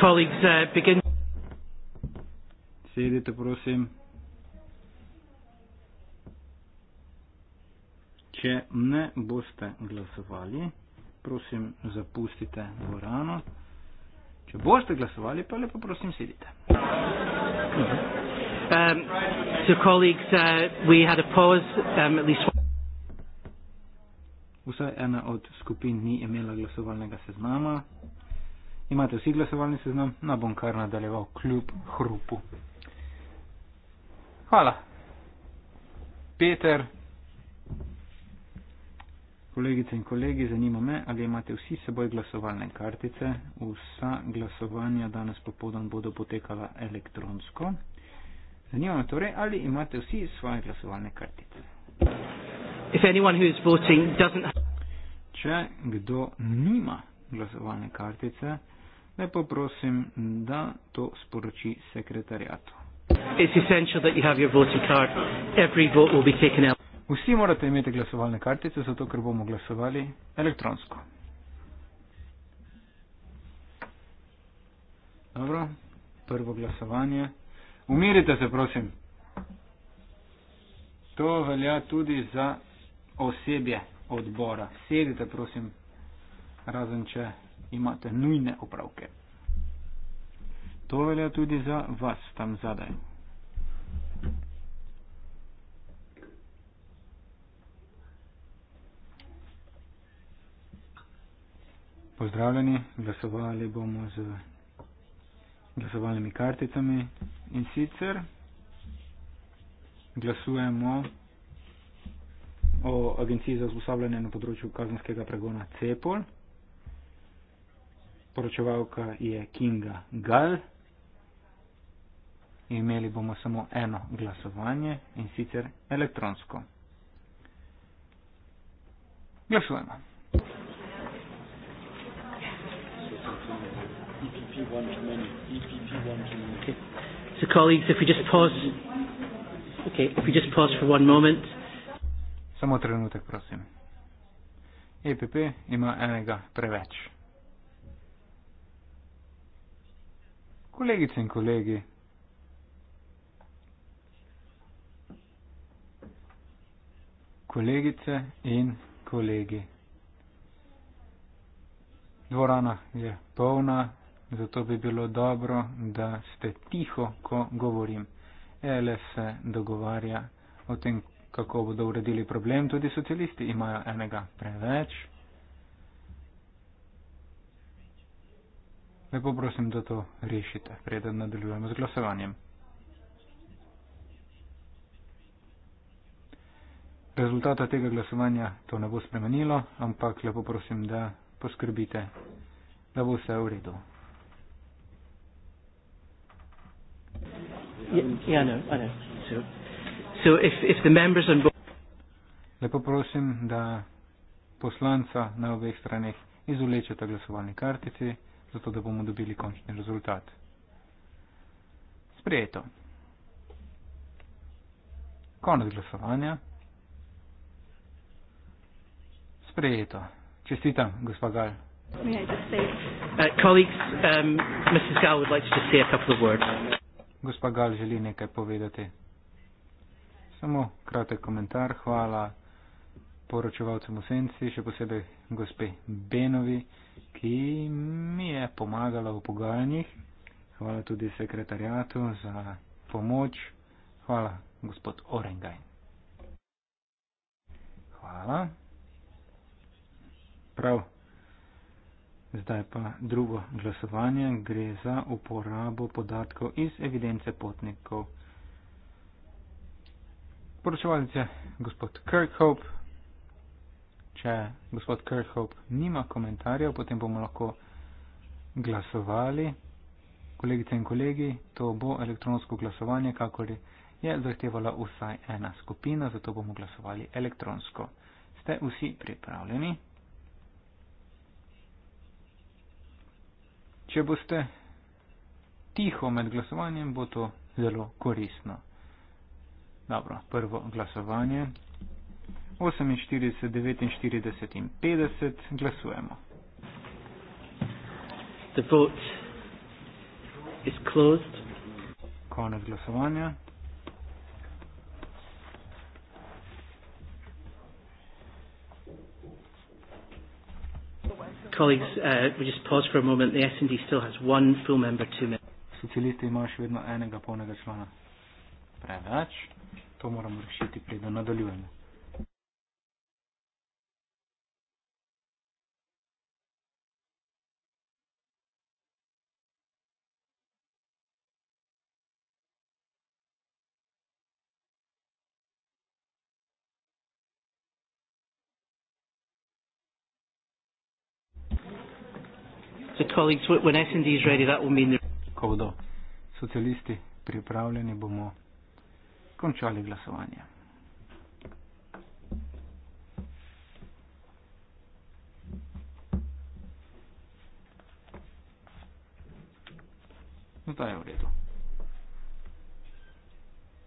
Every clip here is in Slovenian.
colleagues uh, begin. Sedite, prosim. Če ne boste glasovali, prosim, zapustite dvorano. Če boste glasovali, pa lepo prosim, sedite. Um, uh, um, Vsaj ena od skupin ni imela glasovalnega seznama. Imate vsi glasovalni seznam, no bom kar nadaljeval kljub hrupu. Hvala. Peter, kolegice in kolegi, zanima me, ali imate vsi seboj glasovalne kartice. Vsa glasovanja danes popodan bodo potekala elektronsko. Zanima me torej, ali imate vsi svoje glasovalne kartice. Če kdo nima glasovalne kartice, lepo prosim, da to sporoči sekretarjatu. Vsi morate imeti glasovalne kartice, zato ker bomo glasovali elektronsko. Dobro, prvo glasovanje. Umirite se, prosim. To velja tudi za osebje odbora. Sedite, prosim, razen če imate nujne opravke. To velja tudi za vas tam zadaj. Pozdravljeni, glasovali bomo z glasovalnimi karticami in sicer glasujemo o Agenciji za usposabljanje na področju kazenskega pregona CEPOL poročevalka je Kinga Gal. Imeli bomo samo eno glasovanje in sicer elektronsko. Glasujemo. So colleagues, if we just pause, okay, if we just pause for one moment. Samo trenutek, prosim. EPP ima enega preveč. kolegice in kolegi. Kolegice in kolegi. Dvorana je polna, zato bi bilo dobro, da ste tiho, ko govorim. E LS se dogovarja o tem, kako bodo uredili problem. Tudi socialisti imajo enega preveč. Lepo prosim, da to rešite, preden nadaljujemo z glasovanjem. Rezultata tega glasovanja to ne bo spremenilo, ampak lepo prosim, da poskrbite, da bo vse v redu. Ja, ja, no, lepo prosim, da poslanca na obeh straneh izvlečete glasovalni kartici zato da bomo dobili končni rezultat. Sprejeto. Konec glasovanja. Sprejeto. Čestitam, gospod Gal. Uh, um, gospa Gal želi nekaj povedati. Samo kratek komentar. Hvala, poročevalcem v senci, še posebej gospe Benovi, ki mi je pomagala v pogajanjih. Hvala tudi sekretarjatu za pomoč. Hvala, gospod Orengaj. Hvala. Prav. Zdaj pa drugo glasovanje gre za uporabo podatkov iz evidence potnikov. Poročevalce, gospod Kirkhope. Če gospod Kirchhoff nima komentarjev, potem bomo lahko glasovali. Kolegice in kolegi, to bo elektronsko glasovanje, kakor je zahtevala vsaj ena skupina, zato bomo glasovali elektronsko. Ste vsi pripravljeni? Če boste tiho med glasovanjem, bo to zelo koristno. Dobro, prvo glasovanje. 48, 49 in 50 glasujemo. The vote is closed. Konec glasovanja. Colleagues, uh, we just pause for a moment. The SND still has one full member, two members. Socialisti imajo še vedno enega polnega člana. Preveč. To moramo rešiti, preden nadaljujemo. colleagues, when SND is ready, that will mean. Ko bodo socialisti pripravljeni, bomo končali glasovanje. Zdaj no, je v redu.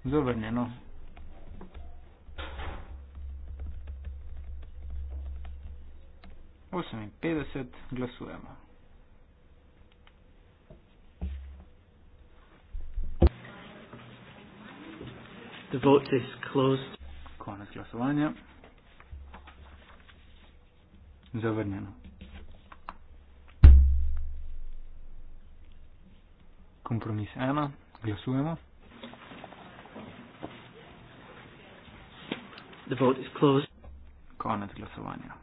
Zavrnjeno. Osem in petdeset glasujemo. vote is closed. Konec glasovanja. Zavrnjeno. Kompromis ena. Glasujemo. The vote is closed. Konec glasovanja.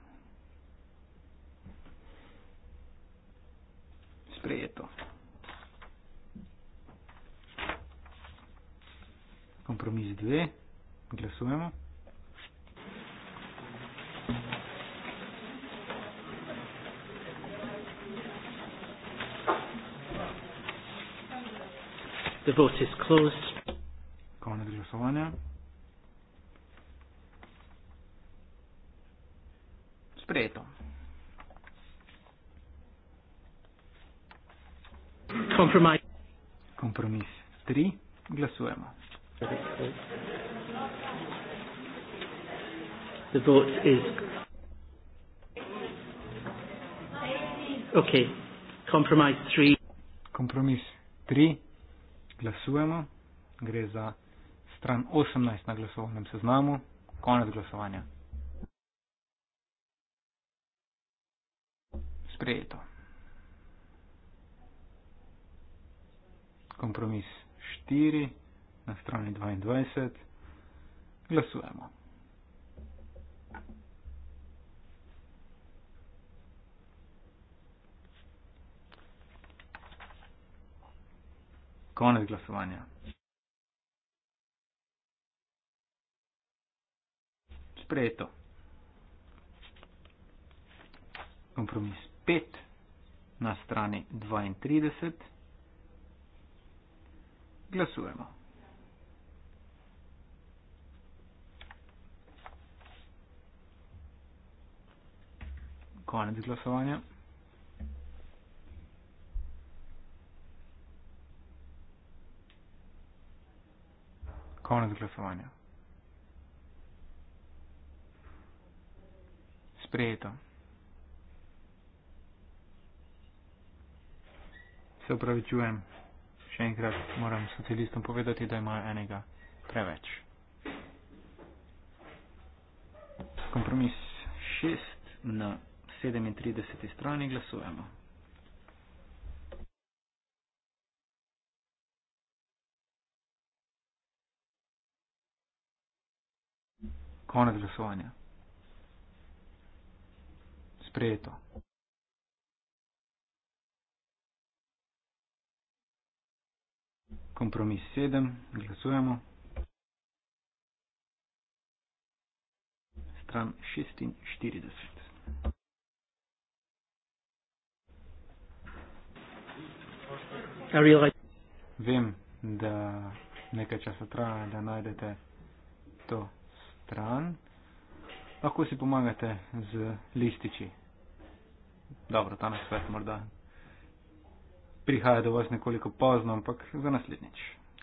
dve, glasujemo. The vote is closed. is. Okay. Compromise 3. Kompromis 3. Glasujemo. Gre za stran 18 na glasovnem seznamu. Konec glasovanja. Sprejeto. Kompromis 4 na strani 22. Glasujemo. konec glasovanja. Sprejeto. Kompromis 5 na strani 32. Glasujemo. Konec glasovanja. konec glasovanja. Sprejeto. Se upravičujem, še enkrat moram socialistom povedati, da imajo enega preveč. Kompromis 6 na 37 strani glasujemo. Konec glasovanja. Sprejeto. Kompromis 7. Glasujemo. Stran 46. Vem, da nekaj časa traja, da najdete to stran. Lahko si pomagate z lističi. Dobro, ta nasvet morda prihaja do vas nekoliko pozno, ampak za naslednjič.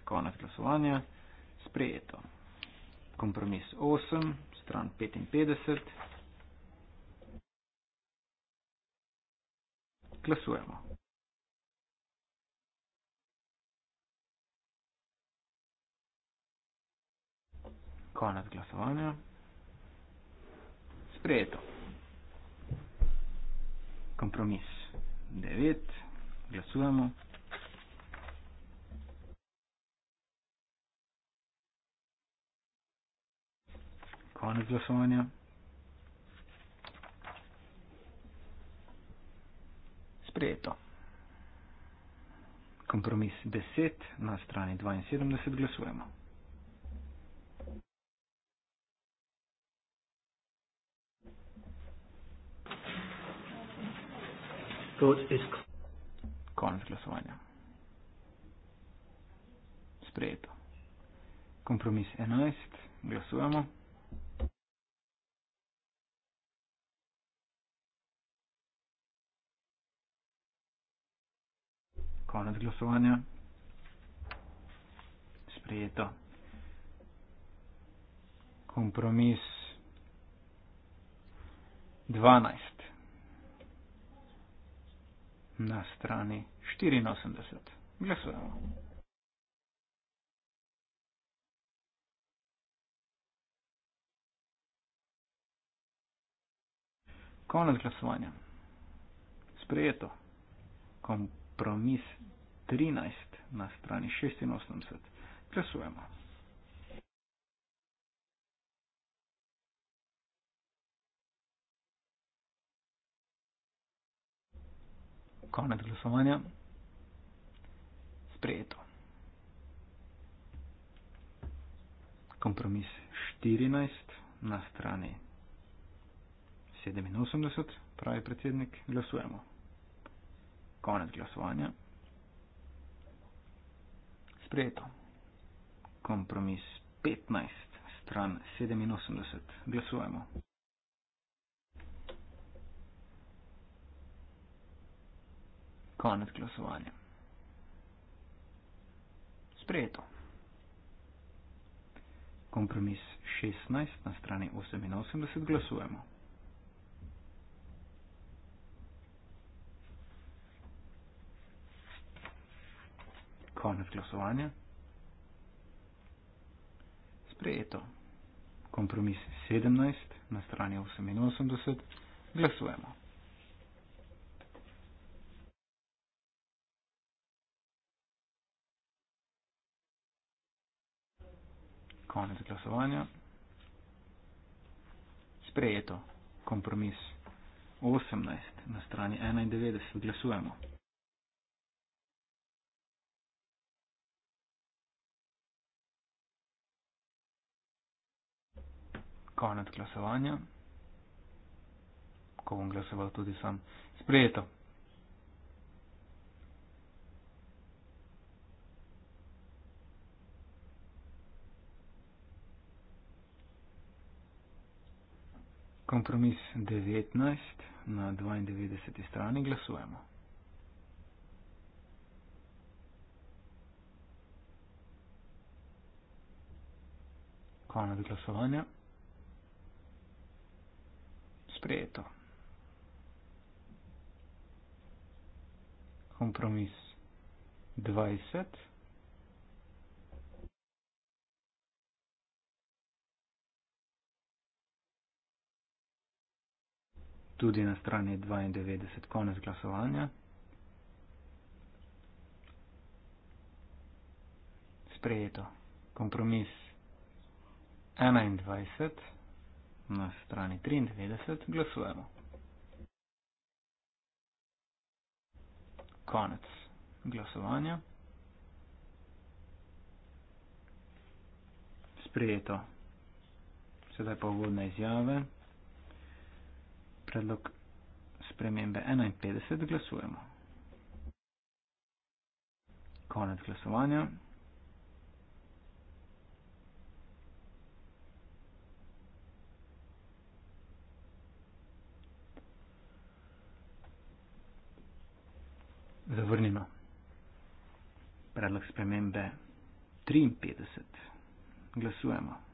Konec glasovanja. Sprejeto. Kompromis 8, stran 55. Glasujemo. Konec glasovanja. Sprejeto. Kompromis 9. Glasujemo. Konec glasovanja. Sprejeto. Kompromis 10 na strani 72 glasujemo. Konec glasovanja. Sprejeto. Kompromis 11. Glasujemo. Konec glasovanja. Sprejeto. Kompromis 12 na strani 84. Glasujemo. Konec glasovanja. Sprejeto. Kompromis 13 na strani 86. Glasujemo. konec glasovanja. Sprejeto. Kompromis 14 na strani 87, pravi predsednik, glasujemo. Konec glasovanja. Sprejeto. Kompromis 15 stran 87, glasujemo. Konec glasovanja. Sprejeto. Kompromis 16 na strani 88 glasujemo. Konec glasovanja. Sprejeto. Kompromis 17 na strani 88 glasujemo. konec glasovanja. Sprejeto kompromis 18 na strani 91 glasujemo. Konec glasovanja. Ko bom glasoval tudi sam. Sprejeto. Kompromis 19 na 92. strani glasujemo. Konec glasovanja. Sprejeto. Kompromis 20 tudi na strani 92 konec glasovanja. Sprejeto. Kompromis 21 na strani 93 glasujemo. Konec glasovanja. Sprejeto. Sedaj pa uvodne izjave predlog spremembe 51 glasujemo. Konec glasovanja. Zavrnjeno. Predlog spremembe 53. Glasujemo.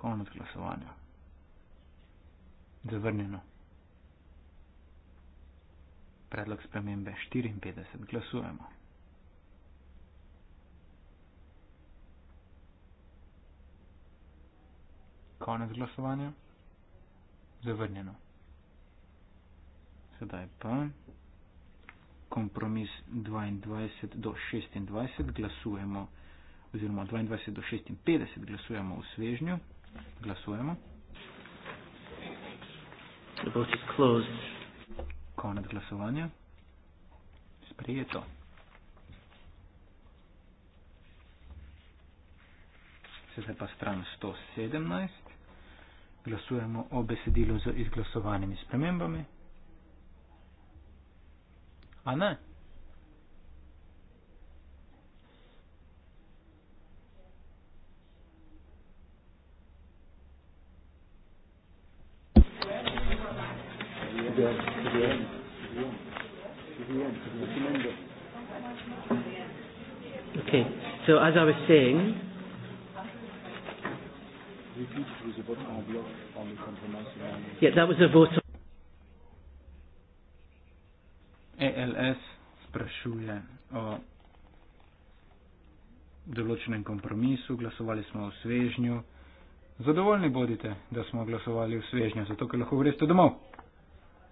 konec glasovanja. Zavrnjeno. Predlog spremembe 54. Glasujemo. Konec glasovanja. Zavrnjeno. Sedaj pa kompromis 22 do 26 glasujemo, oziroma 22 do 56 glasujemo v svežnju. Glasujemo. The vote is closed. Konec glasovanja. Sprejeto. Sedaj pa stran 117. Glasujemo o besedilu z izglasovanimi spremembami. A ne? So as I was saying, yeah, that was a vote. Of ALS e sprašuje o določenem kompromisu, glasovali smo v svežnju. Zadovoljni bodite, da smo glasovali v svežnju, zato ker lahko greste domov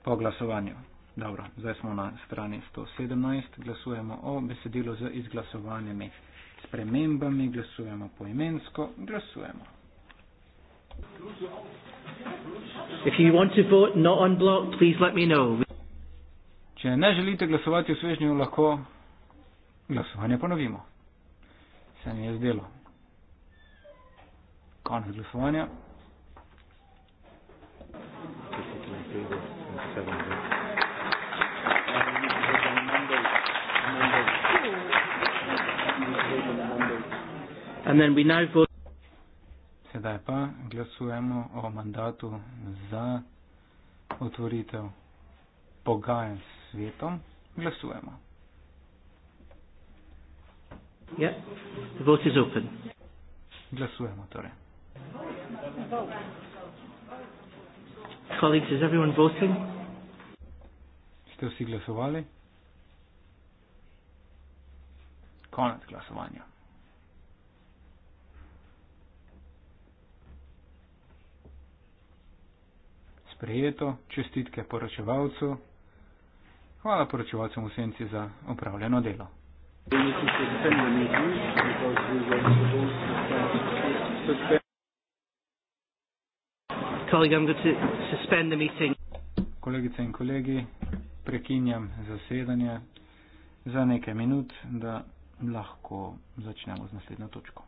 po glasovanju. Dobro, zdaj smo na strani 117, glasujemo o besedilu z izglasovanjem mesta spremembami, glasujemo poimensko, glasujemo. Unblock, Če ne želite glasovati v svežnju, lahko glasovanje ponovimo. Se mi je zdelo. Konec glasovanja. And then we now vote Sedaj pa glasujemo o mandatu za otvoritev pogajanj s svetom. Glasujemo. Yeah. Vote is open. Glasujemo torej. Colleagues, is everyone voting? Ste vsi glasovali? Konec glasovanja. sprejeto, čestitke poročevalcu. Hvala poročevalcem v senci za upravljeno delo. Kolegice in kolegi, prekinjam zasedanje za nekaj minut, da lahko začnemo z naslednjo točko.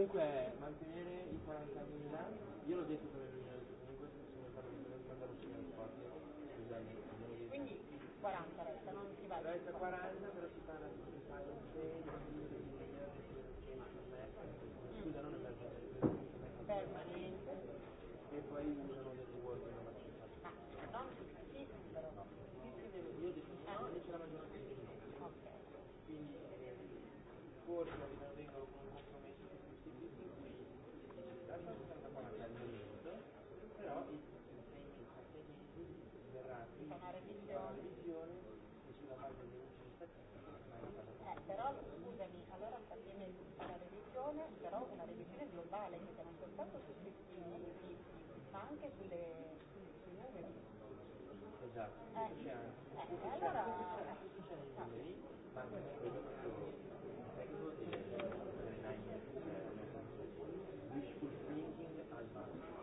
comunque è mantenere i 40.000 io l'ho detto per il 2005 sono stato mandato sui 40 quindi 40 resta non si va resta 40 però esatto, eh, eh, allora... c'è anche c'è anche lì, ma non è prodotto un tecnico di wishful thinking al massimo.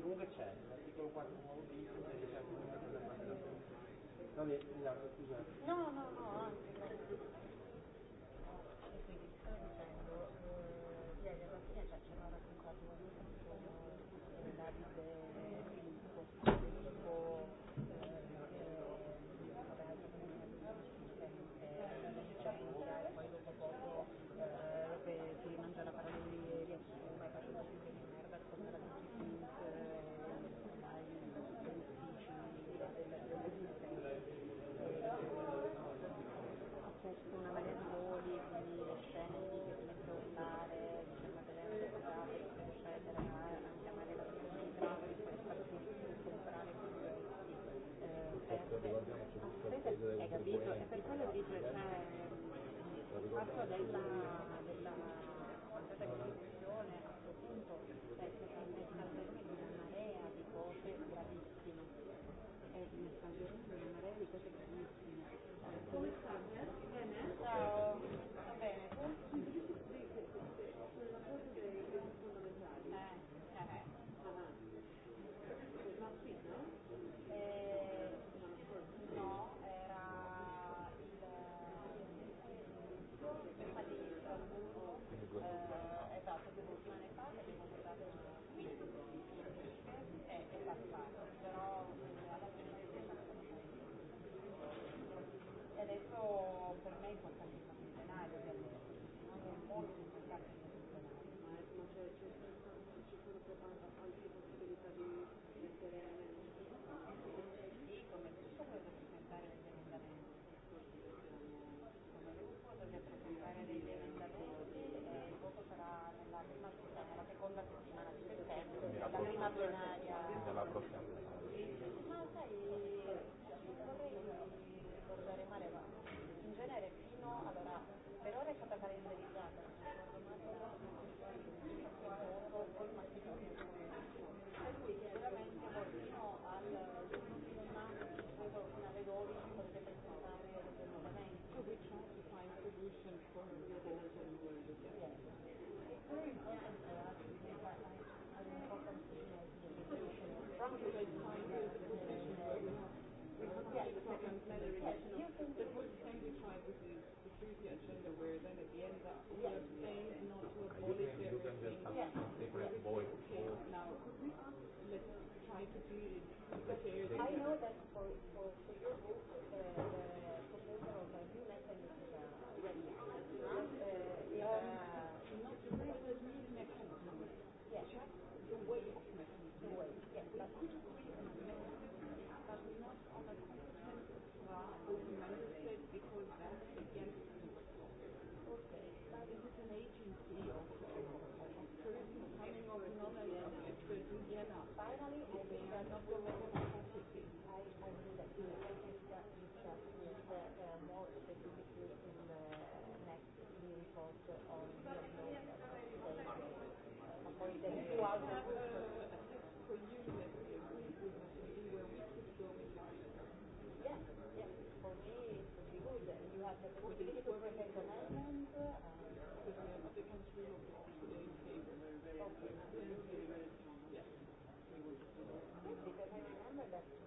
Comunque c'è, l'articolo 4 nuovo visto, c'è anche una cosa. Vabbè, scusate. No, no, no.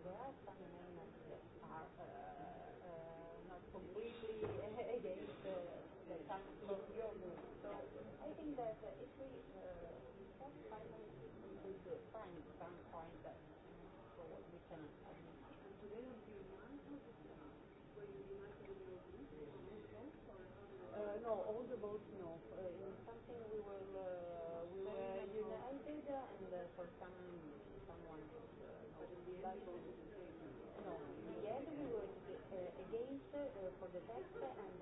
Yes, I'm the best way.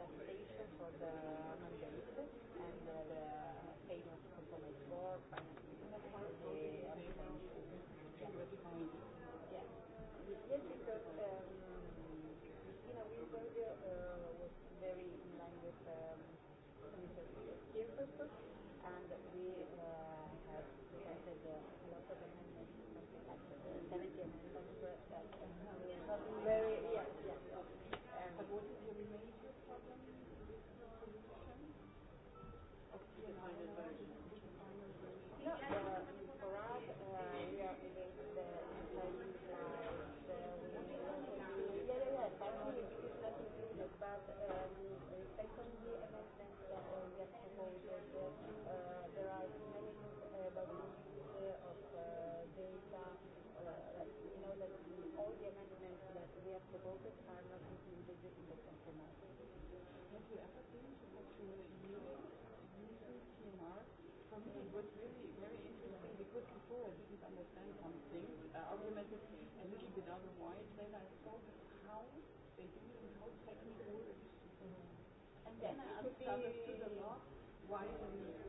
before, I didn't understand some things, uh, argumented a little bit otherwise, then I saw how they do it and how technical it is. Mm -hmm. And then I understood a lot why they need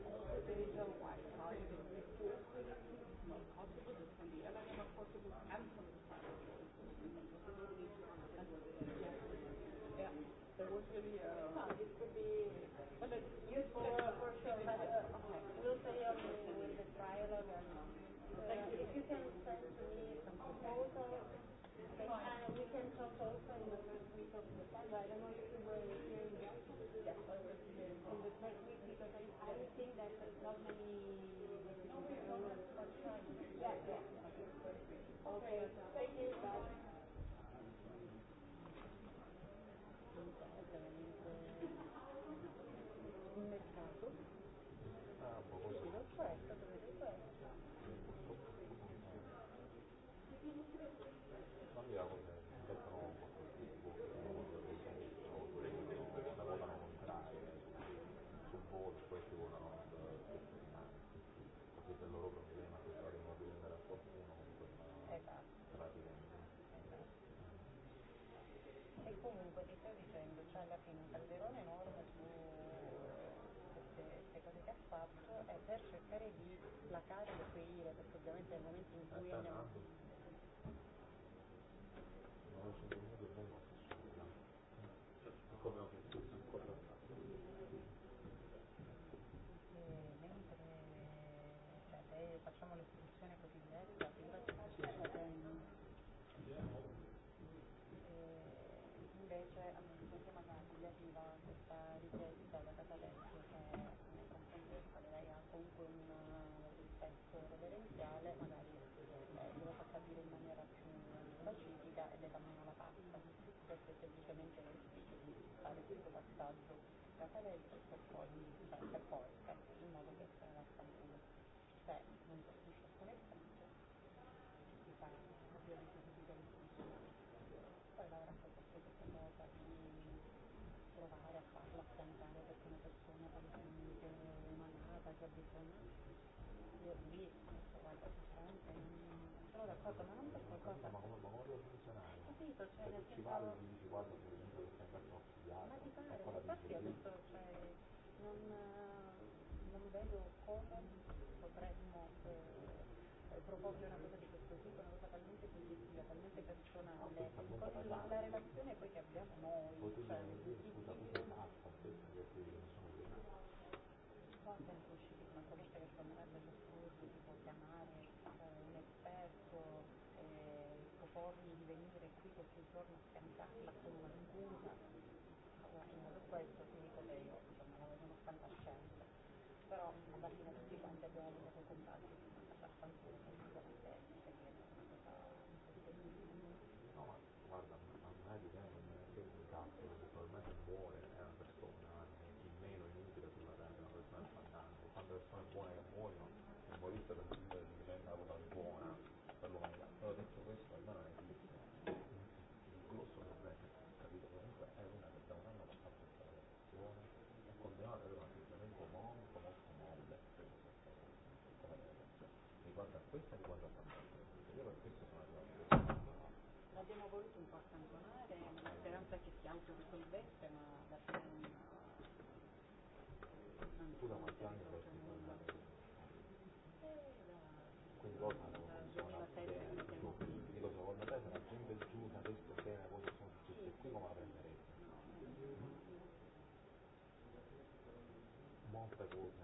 peraí, você pode você pode tá de modo que você vai ficar muito sério, muito puxa por exemplo e tá rodando com o vídeo ali com o vai dar uma coisa que você não vai estar em provar a fala cantada da sua pessoa para você não ter uma nada de abertura e eu vi isso vai estar bastante però d'accordo, ma non per qualcosa... Ma come memoria funzionale? Capito, cioè nel senso... Se ti va a dire, guarda, per esempio, lo stai facendo studiare... Ma ti pare, infatti ho detto un, un modello common potremmo eh, proporre una cosa di questo no, tipo, una cosa talmente positiva, talmente personale, con la, la, la relazione poi che abbiamo noi, cioè qua è uscito una cosa che sembrerebbe assurdo, tipo chiamare eh, un esperto, eh, propormi di venire qui questo giorno. anche questo investe, ma da fine non... non tu da quanti anni sei qui? Da... Quindi cosa? Da giugno a settembre. Dico, secondo te, tra giugno e giugno, adesso se le cose sono successe qui, come la prenderete? Molte cose.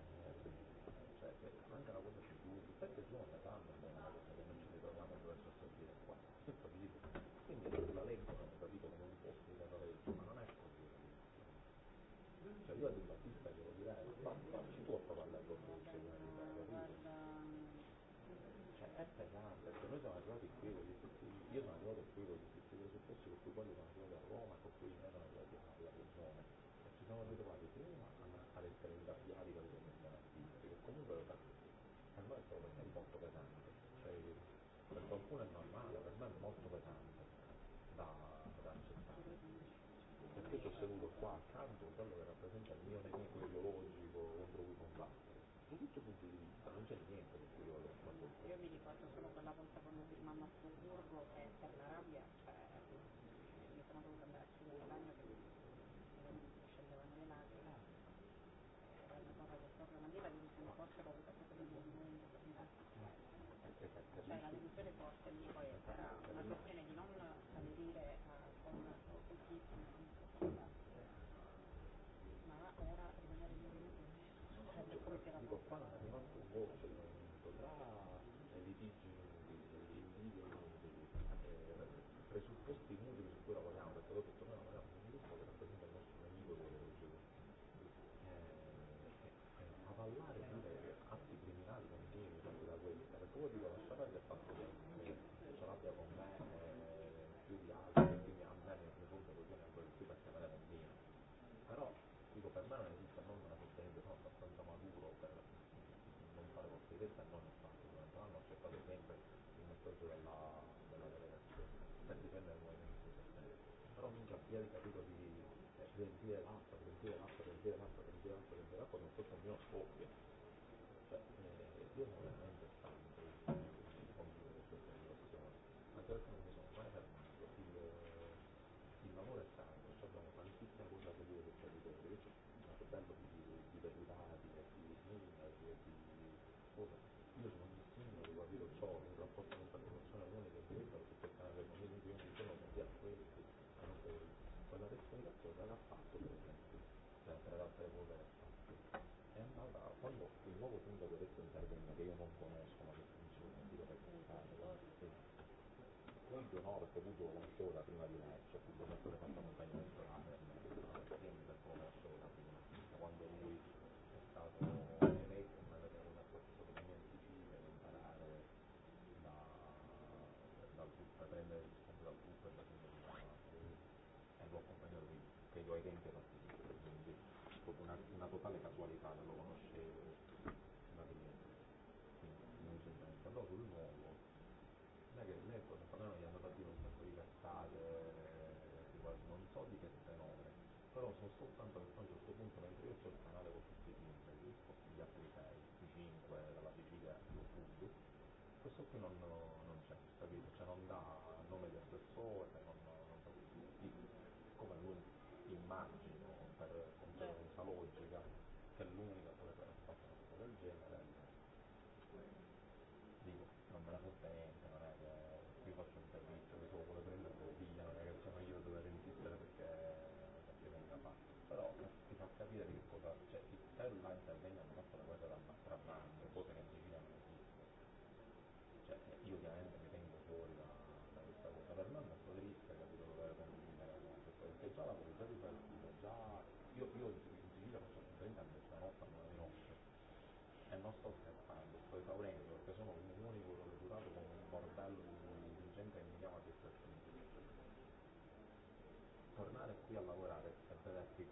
ตัวลำตัวเราขึ้นมาอยู่แล้ว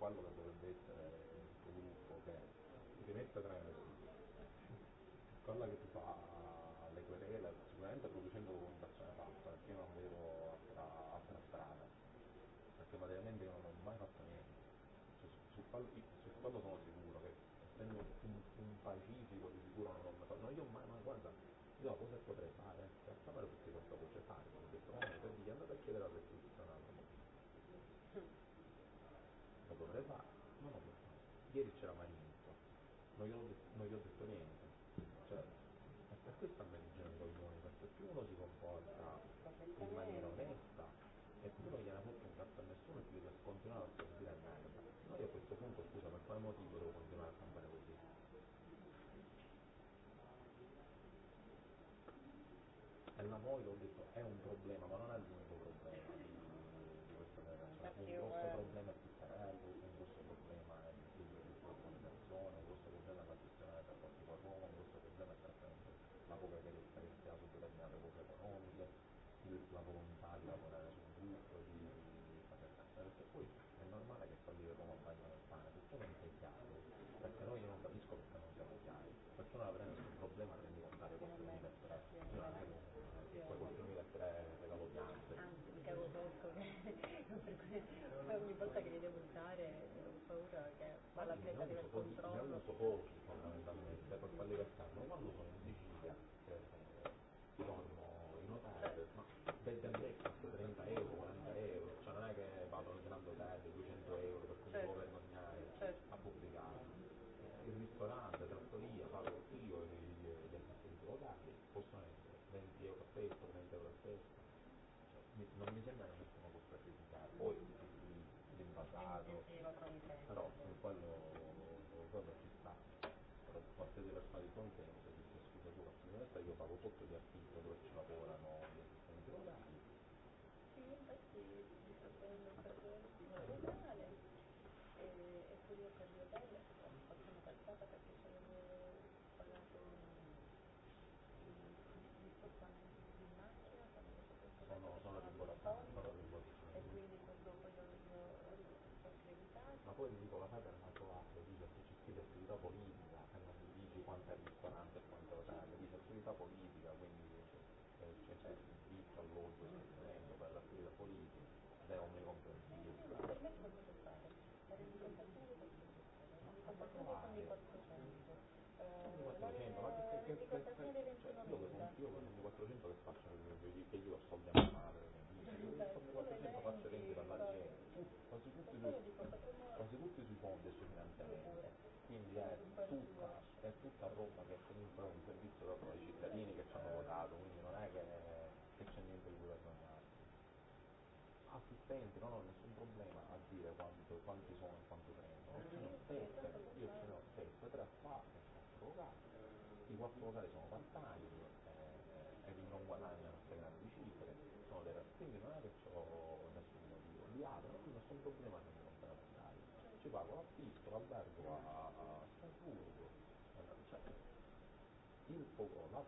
salvo la noi l'ho detto, è un problema, ma non a lui. prodotto di articolo ci lavorano le persone drogate. Sì, infatti. الحج والصلاة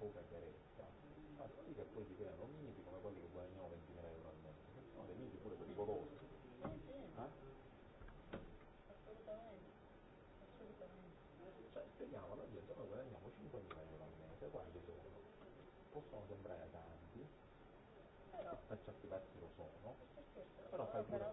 poca chiarezza. Ah, Ma quelli che poi si creano miti come quelli che guadagnano 20.000 euro al mese, che sono dei miti pure quelli vostri. Eh? Cioè spieghiamo alla no, gente, noi guadagniamo 5.000 euro al mese, quali sono? Possono sembrare tanti, però, per certi versi lo sono, però fai pure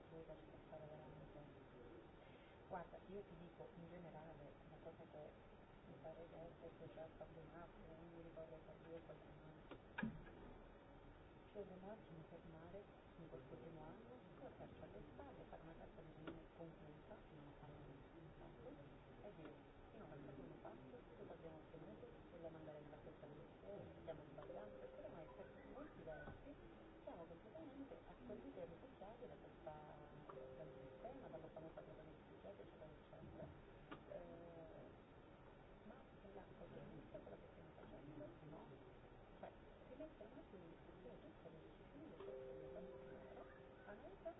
subito a fare veramente. Guarda, io ti dico in generale una cosa che mi pare che è che già stato un attimo, non mi ricordo per due o qualche anno. Cioè, un attimo per mare in questo primo anno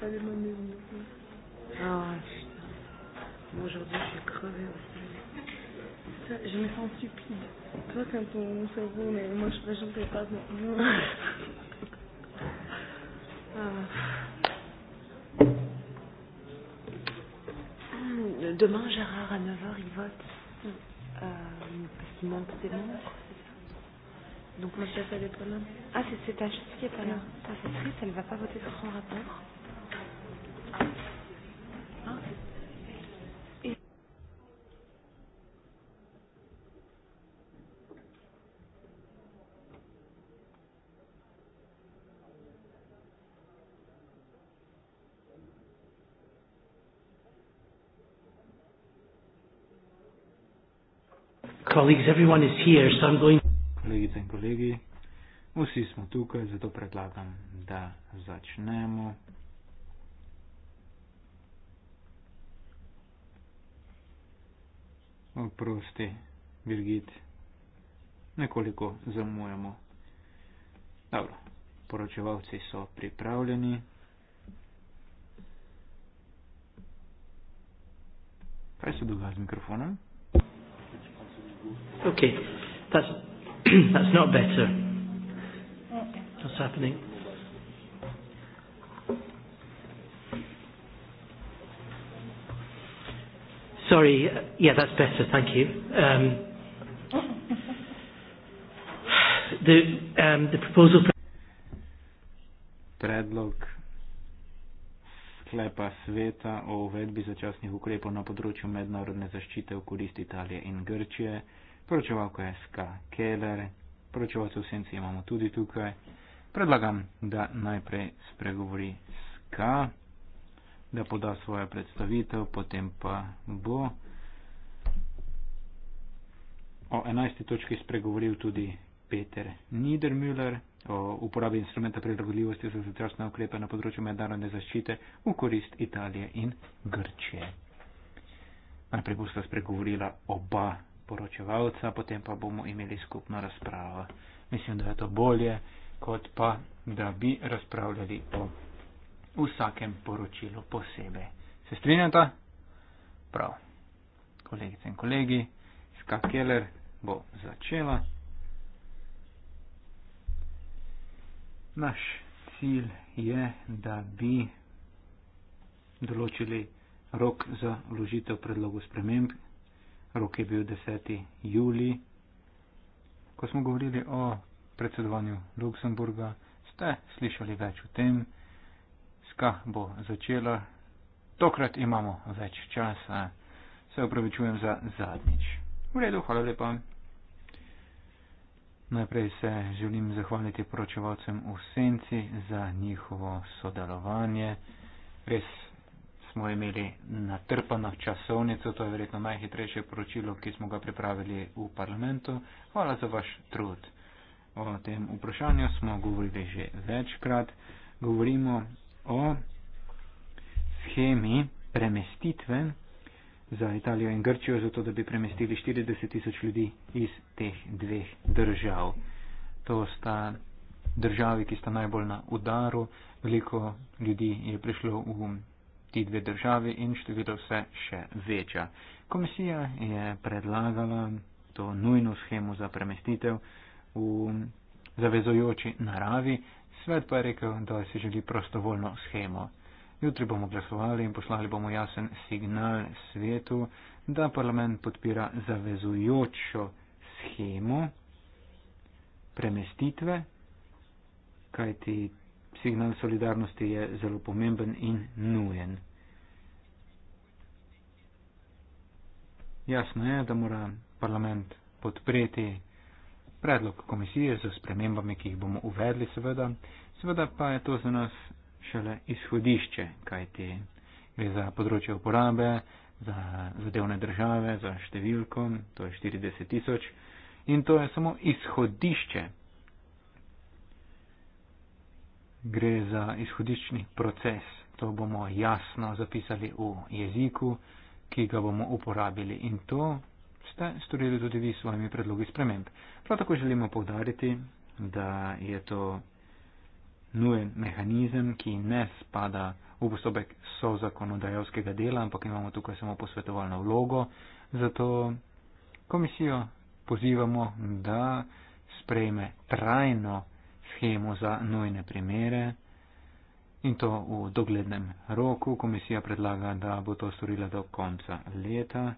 оставим они внизу. А, что? Боже, вот еще крови Je me sens stupide. Toi, quand ton cerveau, mais moi, je ne sais pas. Non. Non. Demain, Gérard, à 9h, il vote. Euh, parce qu'il monte ses membres. Donc, moi, je vais faire des Ah, c'est cette HC qui est pas là. Ah, c'est triste, elle ne va pas voter sur son rapport. Euh, colleagues, everyone is here, so I'm going. Kolegice in kolegi, vsi smo tukaj, zato predlagam, da začnemo. Oprosti, Birgit, nekoliko zamujamo. Dobro, poročevalci so pripravljeni. Kaj se dogaja z mikrofonom? Okay, that's that's not better. What's happening? Sorry. Uh, yeah, that's better. Thank you. Um, the um, the proposal. Predlog sklepa sveta o uvedbi začasnih ukrepov na področju mednarodne zaščite v korist Italije in Grčije poročevalko SK Keller, poročevalce v senci imamo tudi tukaj. Predlagam, da najprej spregovori SK, da poda svojo predstavitev, potem pa bo o 11. točki spregovoril tudi Peter Niedermüller o uporabi instrumenta prilagodljivosti za začasne ukrepe na področju mednarodne zaščite v korist Italije in Grčije. Najprej bosta spregovorila oba poročevalca, potem pa bomo imeli skupno razpravo. Mislim, da je to bolje, kot pa, da bi razpravljali o vsakem poročilu posebej. Se strinjata? Prav. Kolegice in kolegi, Ska Keller bo začela. Naš cilj je, da bi določili rok za vložitev predlogu sprememb rok je bil 10. juli. Ko smo govorili o predsedovanju Luksemburga, ste slišali več o tem, ska bo začela. Tokrat imamo več časa, se opravičujem za zadnjič. V redu, hvala lepa. Najprej se želim zahvaliti poročevalcem v Senci za njihovo sodelovanje. Res smo imeli natrpano časovnico, to je verjetno najhitrejše poročilo, ki smo ga pripravili v parlamentu. Hvala za vaš trud. O tem vprašanju smo govorili že večkrat. Govorimo o schemi premestitve za Italijo in Grčijo, zato da bi premestili 40 tisoč ljudi iz teh dveh držav. To sta državi, ki sta najbolj na udaru. Veliko ljudi je prišlo v ti dve državi in število vse še veča. Komisija je predlagala to nujno schemo za premestitev v zavezojoči naravi, svet pa je rekel, da si želi prostovoljno schemo. Jutri bomo glasovali in poslali bomo jasen signal svetu, da parlament podpira zavezujočo schemo premestitve, kajti signal solidarnosti je zelo pomemben in nujen. Jasno je, da mora parlament podpreti predlog komisije z spremembami, ki jih bomo uvedli, seveda, seveda pa je to za nas šele izhodišče, kajti gre za področje uporabe, za zadevne države, za številko, to je 40 tisoč in to je samo izhodišče gre za izhodiščni proces. To bomo jasno zapisali v jeziku, ki ga bomo uporabili in to ste storili tudi vi s svojimi predlogi sprememb. Prav tako želimo povdariti, da je to nujen mehanizem, ki ne spada v postopek sozakonodajalskega dela, ampak imamo tukaj samo posvetovalno vlogo, zato komisijo pozivamo, da sprejme trajno shemo za nujne primere in to v doglednem roku. Komisija predlaga, da bo to storila do konca leta.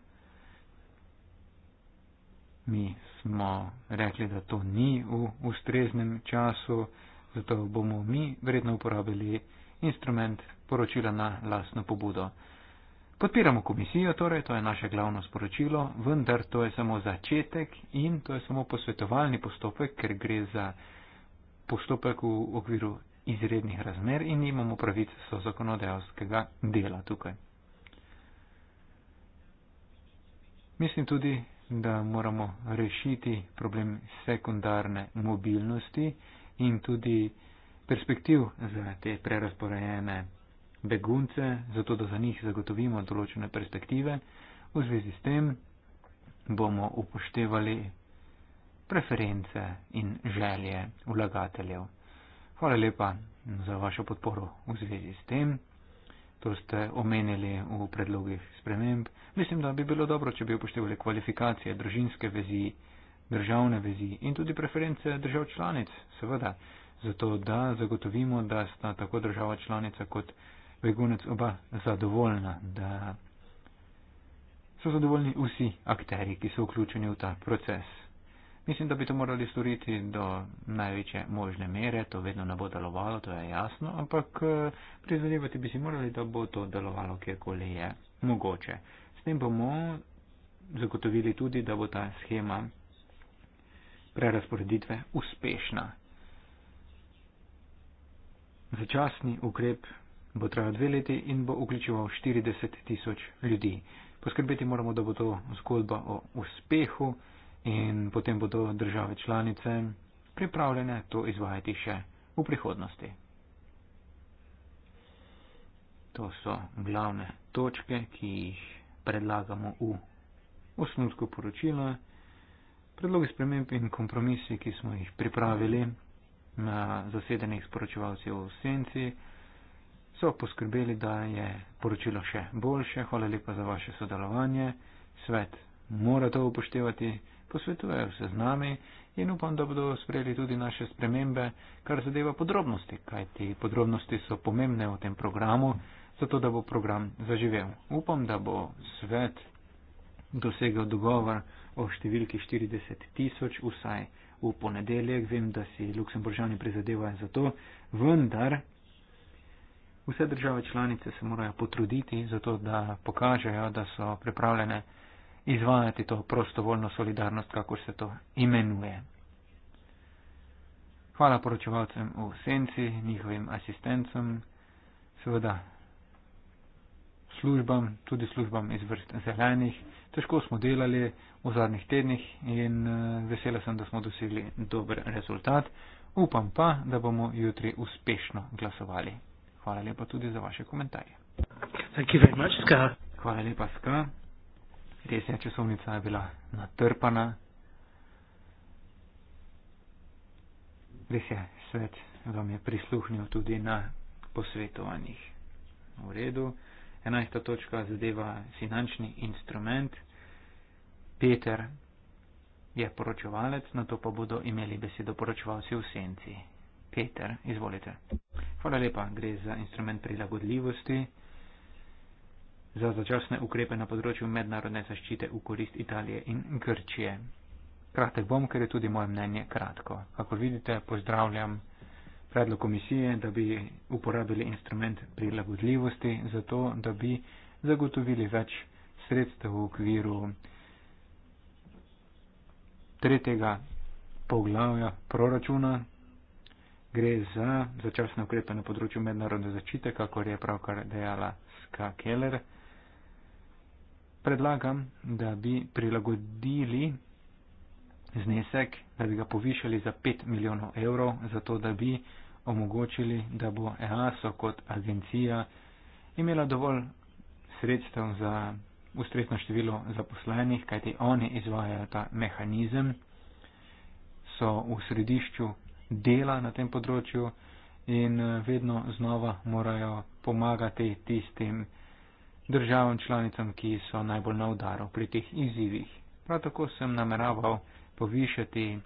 Mi smo rekli, da to ni v ustreznem času, zato bomo mi vredno uporabili instrument poročila na lasno pobudo. Podpiramo komisijo, torej to je naše glavno sporočilo, vendar to je samo začetek in to je samo posvetovalni postopek, ker gre za postopek v okviru izrednih razmer in imamo pravice so zakonodajalskega dela tukaj. Mislim tudi, da moramo rešiti problem sekundarne mobilnosti in tudi perspektiv za te prerasporejene begunce, zato da za njih zagotovimo določene perspektive. V zvezi s tem bomo upoštevali preference in želje vlagateljev. Hvala lepa za vašo podporo v zvezi s tem. To ste omenili v predlogih sprememb. Mislim, da bi bilo dobro, če bi upoštevali kvalifikacije družinske vezi, državne vezi in tudi preference držav članic, seveda, zato da zagotovimo, da sta tako država članica kot begunec oba zadovoljna, da so zadovoljni vsi akteri, ki so vključeni v ta proces. Mislim, da bi to morali storiti do največje možne mere, to vedno ne bo delovalo, to je jasno, ampak eh, prizadevati bi si morali, da bo to delovalo kjerkoli je mogoče. S tem bomo zagotovili tudi, da bo ta schema prerasporeditve uspešna. Začasni ukrep bo trajal dve leti in bo vključival 40 tisoč ljudi. Poskrbeti moramo, da bo to zgodba o uspehu in potem bodo države članice pripravljene to izvajati še v prihodnosti. To so glavne točke, ki jih predlagamo v osnutku poročila, predloge sprememb in kompromisi, ki smo jih pripravili na zasedenih sporočevalcev v senci, so poskrbeli, da je poročilo še boljše. Hvala lepa za vaše sodelovanje. Svet mora to upoštevati posvetujejo se z nami in upam, da bodo sprejeli tudi naše spremembe, kar zadeva podrobnosti, kajti podrobnosti so pomembne v tem programu, zato da bo program zaživel. Upam, da bo svet dosegel dogovor o številki 40 tisoč vsaj v ponedeljek. Vem, da si Luksemburžani prizadevajo za to, vendar. Vse države članice se morajo potruditi, zato da pokažejo, da so pripravljene izvajati to prostovoljno solidarnost, kako se to imenuje. Hvala poročevalcem v senci, njihovim asistencem, seveda službam, tudi službam iz vrst zelenih. Težko smo delali v zadnjih tednih in eh, vesela sem, da smo dosegli dober rezultat. Upam pa, da bomo jutri uspešno glasovali. Hvala lepa tudi za vaše komentarje. Hvala lepa, Ska resna časovnica je bila natrpana. Res je, svet vam je prisluhnil tudi na posvetovanjih. V redu. Enajsta točka zadeva finančni instrument. Peter je poročevalec, na to pa bodo imeli besedo poročevalci v senci. Peter, izvolite. Hvala lepa, gre za instrument prilagodljivosti za začasne ukrepe na področju mednarodne zaščite v korist Italije in Grčije. Kratek bom, ker je tudi moje mnenje kratko. Kako vidite, pozdravljam predlog komisije, da bi uporabili instrument prilagodljivosti za to, da bi zagotovili več sredstev v okviru tretjega poglavja proračuna. Gre za začasne ukrepe na področju mednarodne zaščite, kako je pravkar dejala Ska Keller predlagam, da bi prilagodili znesek, da bi ga povišali za 5 milijonov evrov, zato da bi omogočili, da bo EASO kot agencija imela dovolj sredstev za ustrezno število zaposlenih, kajti oni izvajajo ta mehanizem, so v središču dela na tem področju in eh, vedno znova morajo pomagati tistim, ki državam članicam, ki so najbolj na udaru pri teh izzivih. Prav tako sem nameraval povišati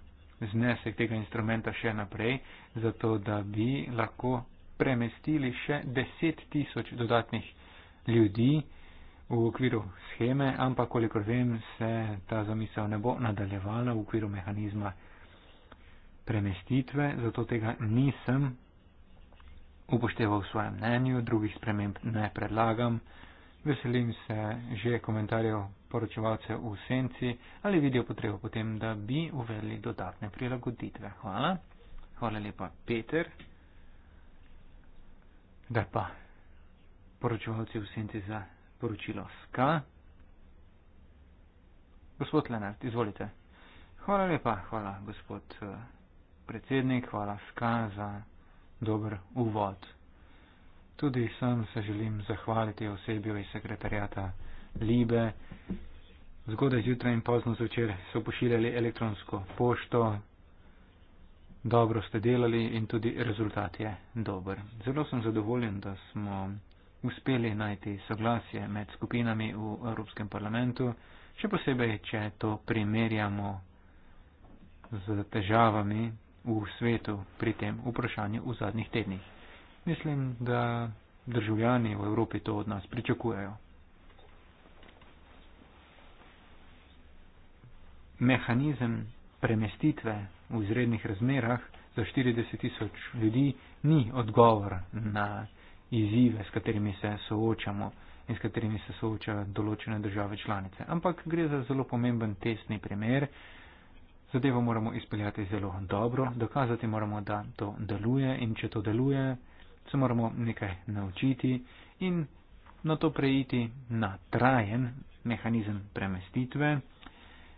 znesek tega instrumenta še naprej, zato da bi lahko premestili še 10 tisoč dodatnih ljudi v okviru scheme, ampak kolikor vem, se ta zamisel ne bo nadaljevala v okviru mehanizma premestitve, zato tega nisem upošteval v svojem mnenju, drugih sprememb ne predlagam. Veselim se že komentarjev poročevalcev v senci ali vidijo potrebo potem, da bi uvedli dodatne prilagoditve. Hvala. Hvala lepa, Peter. Da pa poročevalci v senci za poročilo Ska. Gospod Lenart, izvolite. Hvala lepa, hvala gospod eh, predsednik, hvala Ska za dober uvod. Tudi sam se želim zahvaliti osebju iz sekretarjata Libe. Zgodaj zjutraj in pozno zvečer so pošiljali elektronsko pošto. Dobro ste delali in tudi rezultat je dober. Zelo sem zadovoljen, da smo uspeli najti soglasje med skupinami v Evropskem parlamentu, še posebej, če to primerjamo z težavami v svetu pri tem vprašanju v zadnjih tednih. Mislim, da državljani v Evropi to od nas pričakujejo. Mehanizem premestitve v izrednih razmerah za 40 tisoč ljudi ni odgovor na izzive, s katerimi se soočamo in s katerimi se sooča določene države članice. Ampak gre za zelo pomemben testni primer. Zadevo moramo izpeljati zelo dobro, dokazati moramo, da to deluje in če to deluje, se moramo nekaj naučiti in na to preiti na trajen mehanizem premestitve.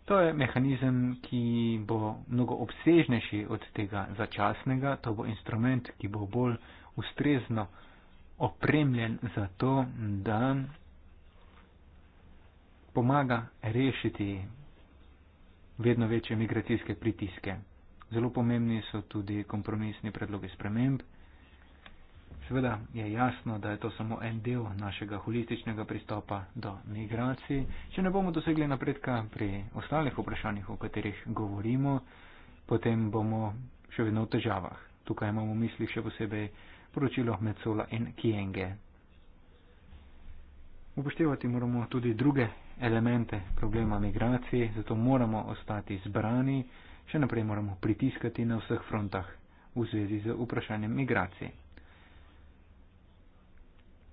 To je mehanizem, ki bo mnogo obsežnejši od tega začasnega, to bo instrument, ki bo bolj ustrezno opremljen za to, da pomaga rešiti vedno večje migracijske pritiske. Zelo pomembni so tudi kompromisni predloge sprememb seveda je jasno, da je to samo en del našega holističnega pristopa do migracij. Če ne bomo dosegli napredka pri ostalih vprašanjih, o katerih govorimo, potem bomo še vedno v težavah. Tukaj imamo v mislih še posebej poročilo Mecola in Kienge. Upoštevati moramo tudi druge elemente problema migracij, zato moramo ostati zbrani, še naprej moramo pritiskati na vseh frontah v zvezi z vprašanjem migracije.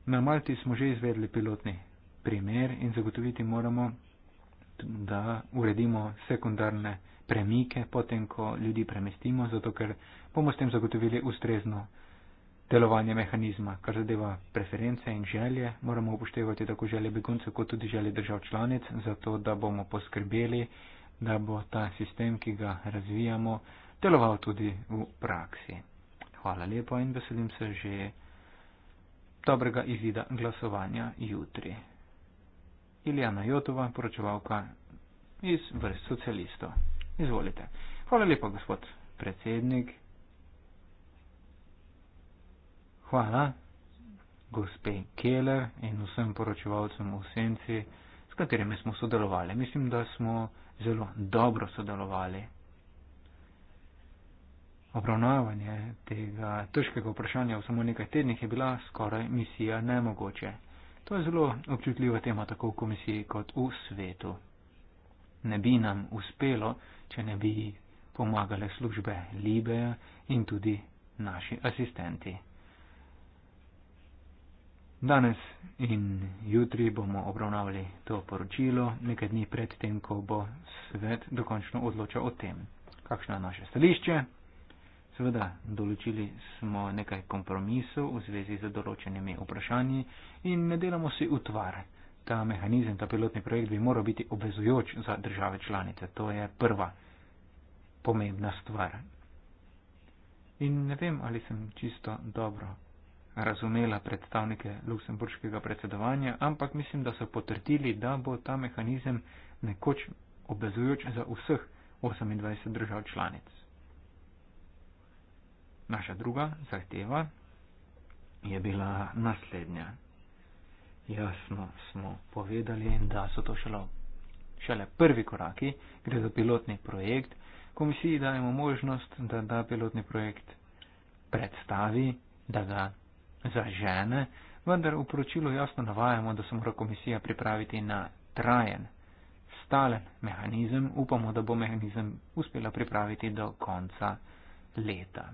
Na Malti smo že izvedli pilotni primer in zagotoviti moramo, da uredimo sekundarne premike potem, ko ljudi premestimo, zato ker bomo s tem zagotovili ustrezno delovanje mehanizma, kar zadeva preference in želje. Moramo upoštevati tako želje beguncev, kot tudi želje držav članic, zato da bomo poskrbeli, da bo ta sistem, ki ga razvijamo, deloval tudi v praksi. Hvala lepo in veselim se že dobrega izida glasovanja jutri. Ilijana Jotova, poročevalka iz vrst socialistov. Izvolite. Hvala lepa, gospod predsednik. Hvala gospe Keller in vsem poročevalcem v senci, s katerimi smo sodelovali. Mislim, da smo zelo dobro sodelovali obravnavanje tega težkega vprašanja v samo nekaj tednih je bila skoraj misija nemogoče. To je zelo občutljiva tema tako v komisiji kot v svetu. Ne bi nam uspelo, če ne bi pomagale službe Libeja in tudi naši asistenti. Danes in jutri bomo obravnavali to poročilo, nekaj dni pred tem, ko bo svet dokončno odločal o tem, kakšno je naše stališče, Seveda, določili smo nekaj kompromisov v zvezi z določenimi vprašanji in ne delamo si utvare. Ta mehanizem, ta pilotni projekt bi moral biti obvezujoč za države članice. To je prva pomembna stvar. In ne vem, ali sem čisto dobro razumela predstavnike luksemburškega predsedovanja, ampak mislim, da so potrdili, da bo ta mehanizem nekoč obvezujoč za vseh 28 držav članic. Naša druga zahteva je bila naslednja. Jasno smo povedali, da so to šele, šele prvi koraki, gre za pilotni projekt. Komisiji dajemo možnost, da da pilotni projekt predstavi, da ga zažene, vendar v poročilu jasno navajamo, da se mora komisija pripraviti na trajen, stalen mehanizem. Upamo, da bo mehanizem uspela pripraviti do konca leta.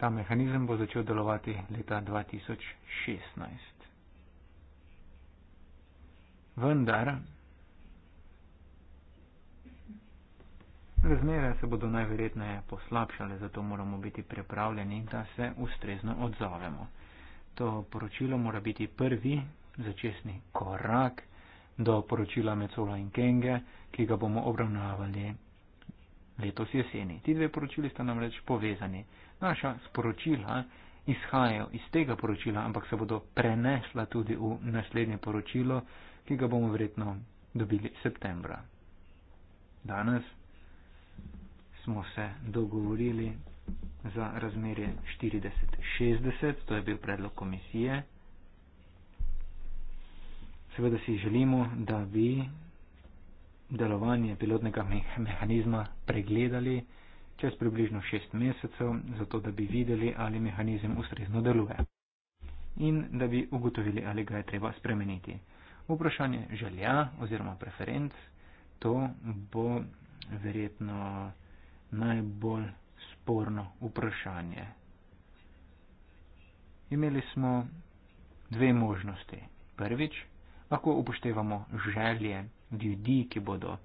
Ta mehanizem bo začel delovati leta 2016. Vendar razmere se bodo najverjetneje poslabšale, zato moramo biti pripravljeni, da se ustrezno odzovemo. To poročilo mora biti prvi začesni korak do poročila Mecola in Kenge, ki ga bomo obravnavali letos jeseni. Ti dve poročili sta namreč povezani naša sporočila izhajajo iz tega poročila, ampak se bodo prenesla tudi v naslednje poročilo, ki ga bomo verjetno dobili septembra. Danes smo se dogovorili za razmerje 40-60, to je bil predlog komisije. Seveda si želimo, da bi delovanje pilotnega mehanizma pregledali, čez približno šest mesecev, zato da bi videli, ali mehanizem ustrezno deluje in da bi ugotovili, ali ga je treba spremeniti. Vprašanje želja oziroma preferenc, to bo verjetno najbolj sporno vprašanje. Imeli smo dve možnosti. Prvič, lahko upoštevamo želje ljudi, ki bodo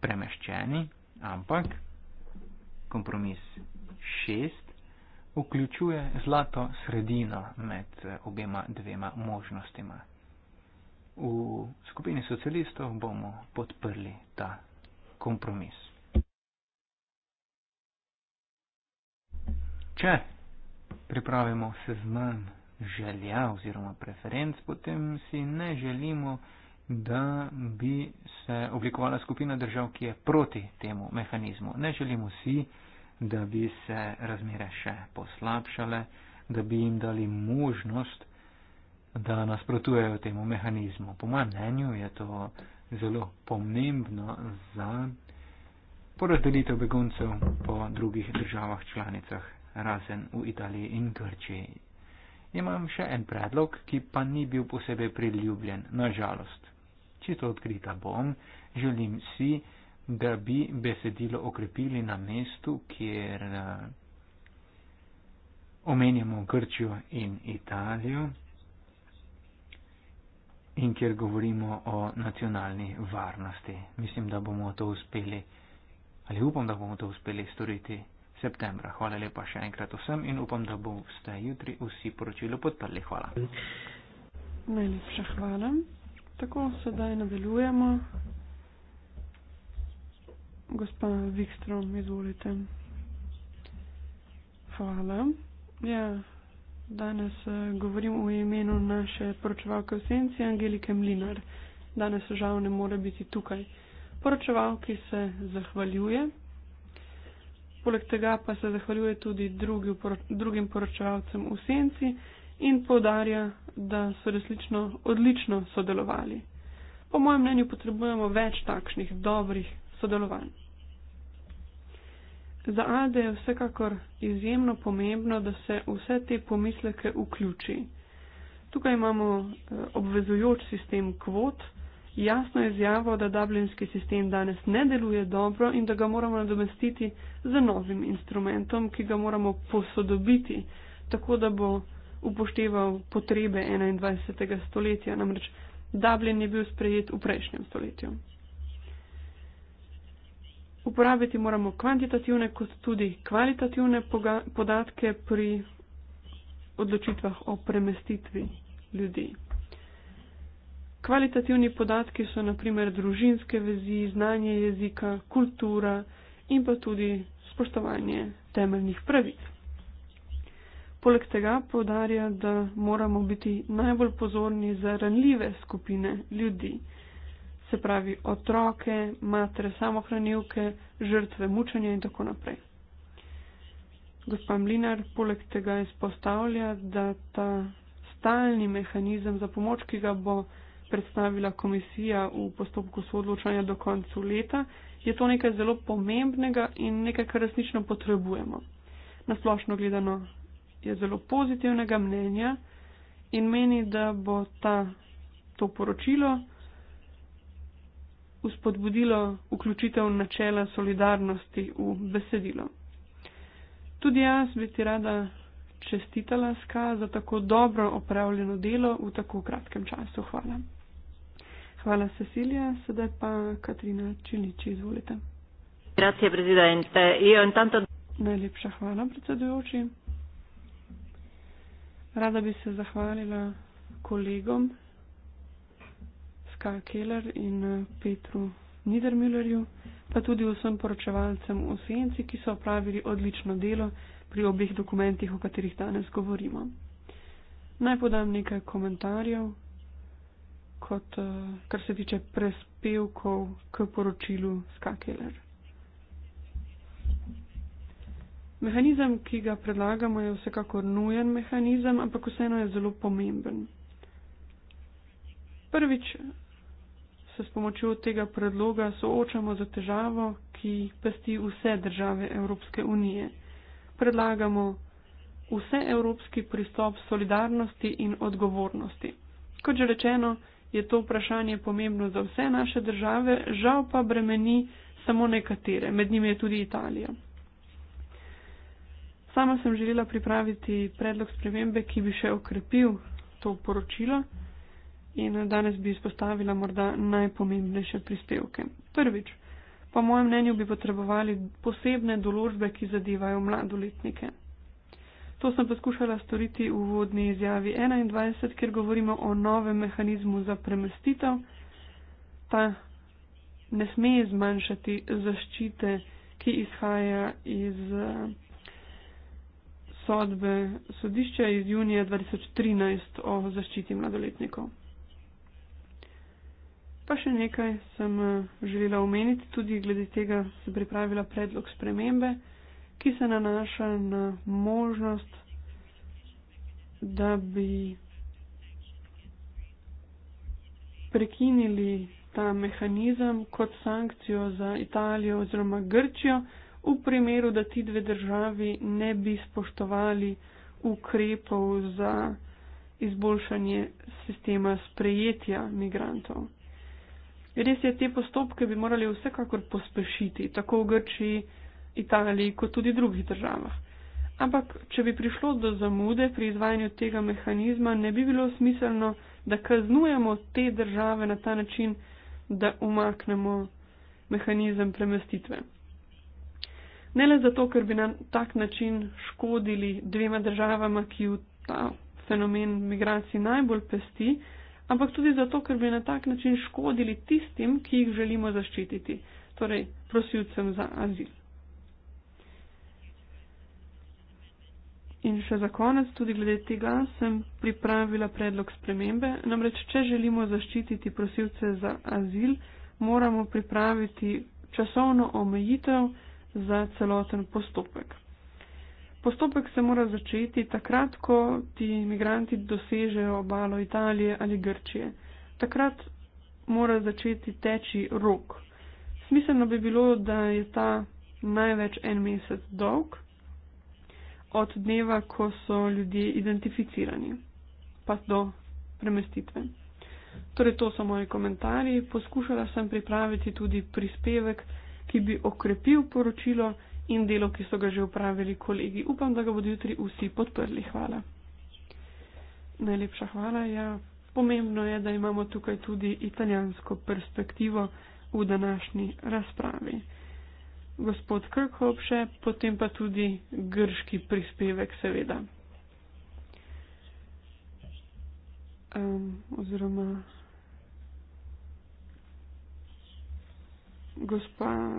premeščeni, ampak kompromis šest vključuje zlato sredino med eh, obema dvema možnostima. V skupini socialistov bomo podprli ta kompromis. Če pripravimo seznam želja oziroma preferenc, potem si ne želimo, da bi se oblikovala skupina držav, ki je proti temu mehanizmu. Ne želimo si, da bi se razmere še poslabšale, da bi jim dali možnost, da nasprotujejo temu mehanizmu. Po mojem mnenju je to zelo pomembno za porazdelitev beguncev po drugih državah članicah, razen v Italiji in Grčiji. Imam še en predlog, ki pa ni bil posebej priljubljen, nažalost čisto odkrita bom, želim si, da bi besedilo okrepili na mestu, kjer uh, omenjamo Grčijo in Italijo in kjer govorimo o nacionalni varnosti. Mislim, da bomo to uspeli, ali upam, da bomo to uspeli storiti septembra. Hvala lepa še enkrat vsem in upam, da boste jutri vsi poročilo podprli. Hvala. Najlepša hvala. Tako, sedaj nadaljujemo. Gospa Vikstrom, izvolite. Hvala. Ja, danes eh, govorim v imenu naše poročevalke v senci Angelike Mlinar. Danes žal ne more biti tukaj. Poročevalki se zahvaljuje. Poleg tega pa se zahvaljuje tudi drugim poročevalcem v senci in povdarja, da so resnično odlično sodelovali. Po mojem mnenju potrebujemo več takšnih dobrih sodelovanj. Za Alde je vsekakor izjemno pomembno, da se vse te pomisleke vključi. Tukaj imamo eh, obvezujoč sistem kvot, jasno izjavo, da dublinski sistem danes ne deluje dobro in da ga moramo nadomestiti z novim instrumentom, ki ga moramo posodobiti, tako da bo upošteval potrebe 21. stoletja, namreč Dublin je bil sprejet v prejšnjem stoletju. Uporabiti moramo kvantitativne kot tudi kvalitativne podatke pri odločitvah o premestitvi ljudi. Kvalitativni podatki so naprimer družinske vezi, znanje jezika, kultura in pa tudi spoštovanje temeljnih pravic. Poleg tega povdarja, da moramo biti najbolj pozorni za ranljive skupine ljudi, se pravi otroke, matere, samohranilke, žrtve mučenja in tako naprej. Gospa Mlinar poleg tega izpostavlja, da ta stalni mehanizem za pomoč, ki ga bo predstavila komisija v postopku soodločanja do koncu leta, je to nekaj zelo pomembnega in nekaj, kar resnično potrebujemo. Nasplošno gledano je zelo pozitivnega mnenja in meni, da bo ta, to poročilo uspodbudilo vključitev načela solidarnosti v besedilo. Tudi jaz bi ti rada čestitala Ska za tako dobro opravljeno delo v tako kratkem času. Hvala. Hvala, Cecilija. Sedaj pa Katrina Čiliči, izvolite. Grazie, predsednik. Intanto... Najlepša hvala, predsedujoči. Rada bi se zahvalila kolegom Skal Keller in eh, Petru Niedermüllerju, pa tudi vsem poročevalcem v Senci, ki so opravili odlično delo pri obeh dokumentih, o katerih danes govorimo. Naj podam nekaj komentarjev, kot, eh, kar se tiče prespevkov k poročilu Skakeler. Mehanizem, ki ga predlagamo, je vsekakor nujen mehanizem, ampak vseeno je zelo pomemben. Prvič se s pomočjo tega predloga soočamo z težavo, ki pesti vse države Evropske unije. Predlagamo vse evropski pristop solidarnosti in odgovornosti. Kot že rečeno, je to vprašanje pomembno za vse naše države, žal pa bremeni samo nekatere, med njimi je tudi Italija. Sama sem želela pripraviti predlog spremembe, ki bi še okrepil to poročilo in danes bi izpostavila morda najpomembnejše prispevke. Prvič, po mojem mnenju bi potrebovali posebne določbe, ki zadevajo mladoletnike. To sem poskušala storiti v uvodni izjavi 21, kjer govorimo o novem mehanizmu za premestitev. Ta ne sme zmanjšati zaščite, ki izhaja iz. Uh, sodbe sodišča iz junija 2013 o zaščiti mladoletnikov. Pa še nekaj sem eh, želela omeniti, tudi glede tega sem pripravila predlog spremembe, ki se nanaša na možnost, da bi prekinili ta mehanizem kot sankcijo za Italijo oziroma Grčijo, v primeru, da ti dve državi ne bi spoštovali ukrepov za izboljšanje sistema sprejetja migrantov. Res je, te postopke bi morali vsekakor pospešiti, tako v Grčiji, Italiji, kot tudi drugih državah. Ampak, če bi prišlo do zamude pri izvajanju tega mehanizma, ne bi bilo smiselno, da kaznujemo te države na ta način, da umaknemo mehanizem premestitve ne le zato, ker bi na tak način škodili dvema državama, ki v ta fenomen migracij najbolj pesti, ampak tudi zato, ker bi na tak način škodili tistim, ki jih želimo zaščititi, torej prosilcem za azil. In še za konec, tudi glede tega sem pripravila predlog spremembe. Namreč, če želimo zaščititi prosilce za azil, moramo pripraviti časovno omejitev, za celoten postopek. Postopek se mora začeti takrat, ko ti imigranti dosežejo obalo Italije ali Grčije. Takrat mora začeti teči rok. Smiselno bi bilo, da je ta največ en mesec dolg od dneva, ko so ljudje identificirani, pa do premestitve. Torej, to so moji komentarji. Poskušala sem pripraviti tudi prispevek ki bi okrepil poročilo in delo, ki so ga že upravili kolegi. Upam, da ga bodo jutri vsi podprli. Hvala. Najlepša hvala. Ja, pomembno je, da imamo tukaj tudi italijansko perspektivo v današnji razpravi. Gospod Krkhopše, potem pa tudi grški prispevek, seveda. Um, oziroma. gospa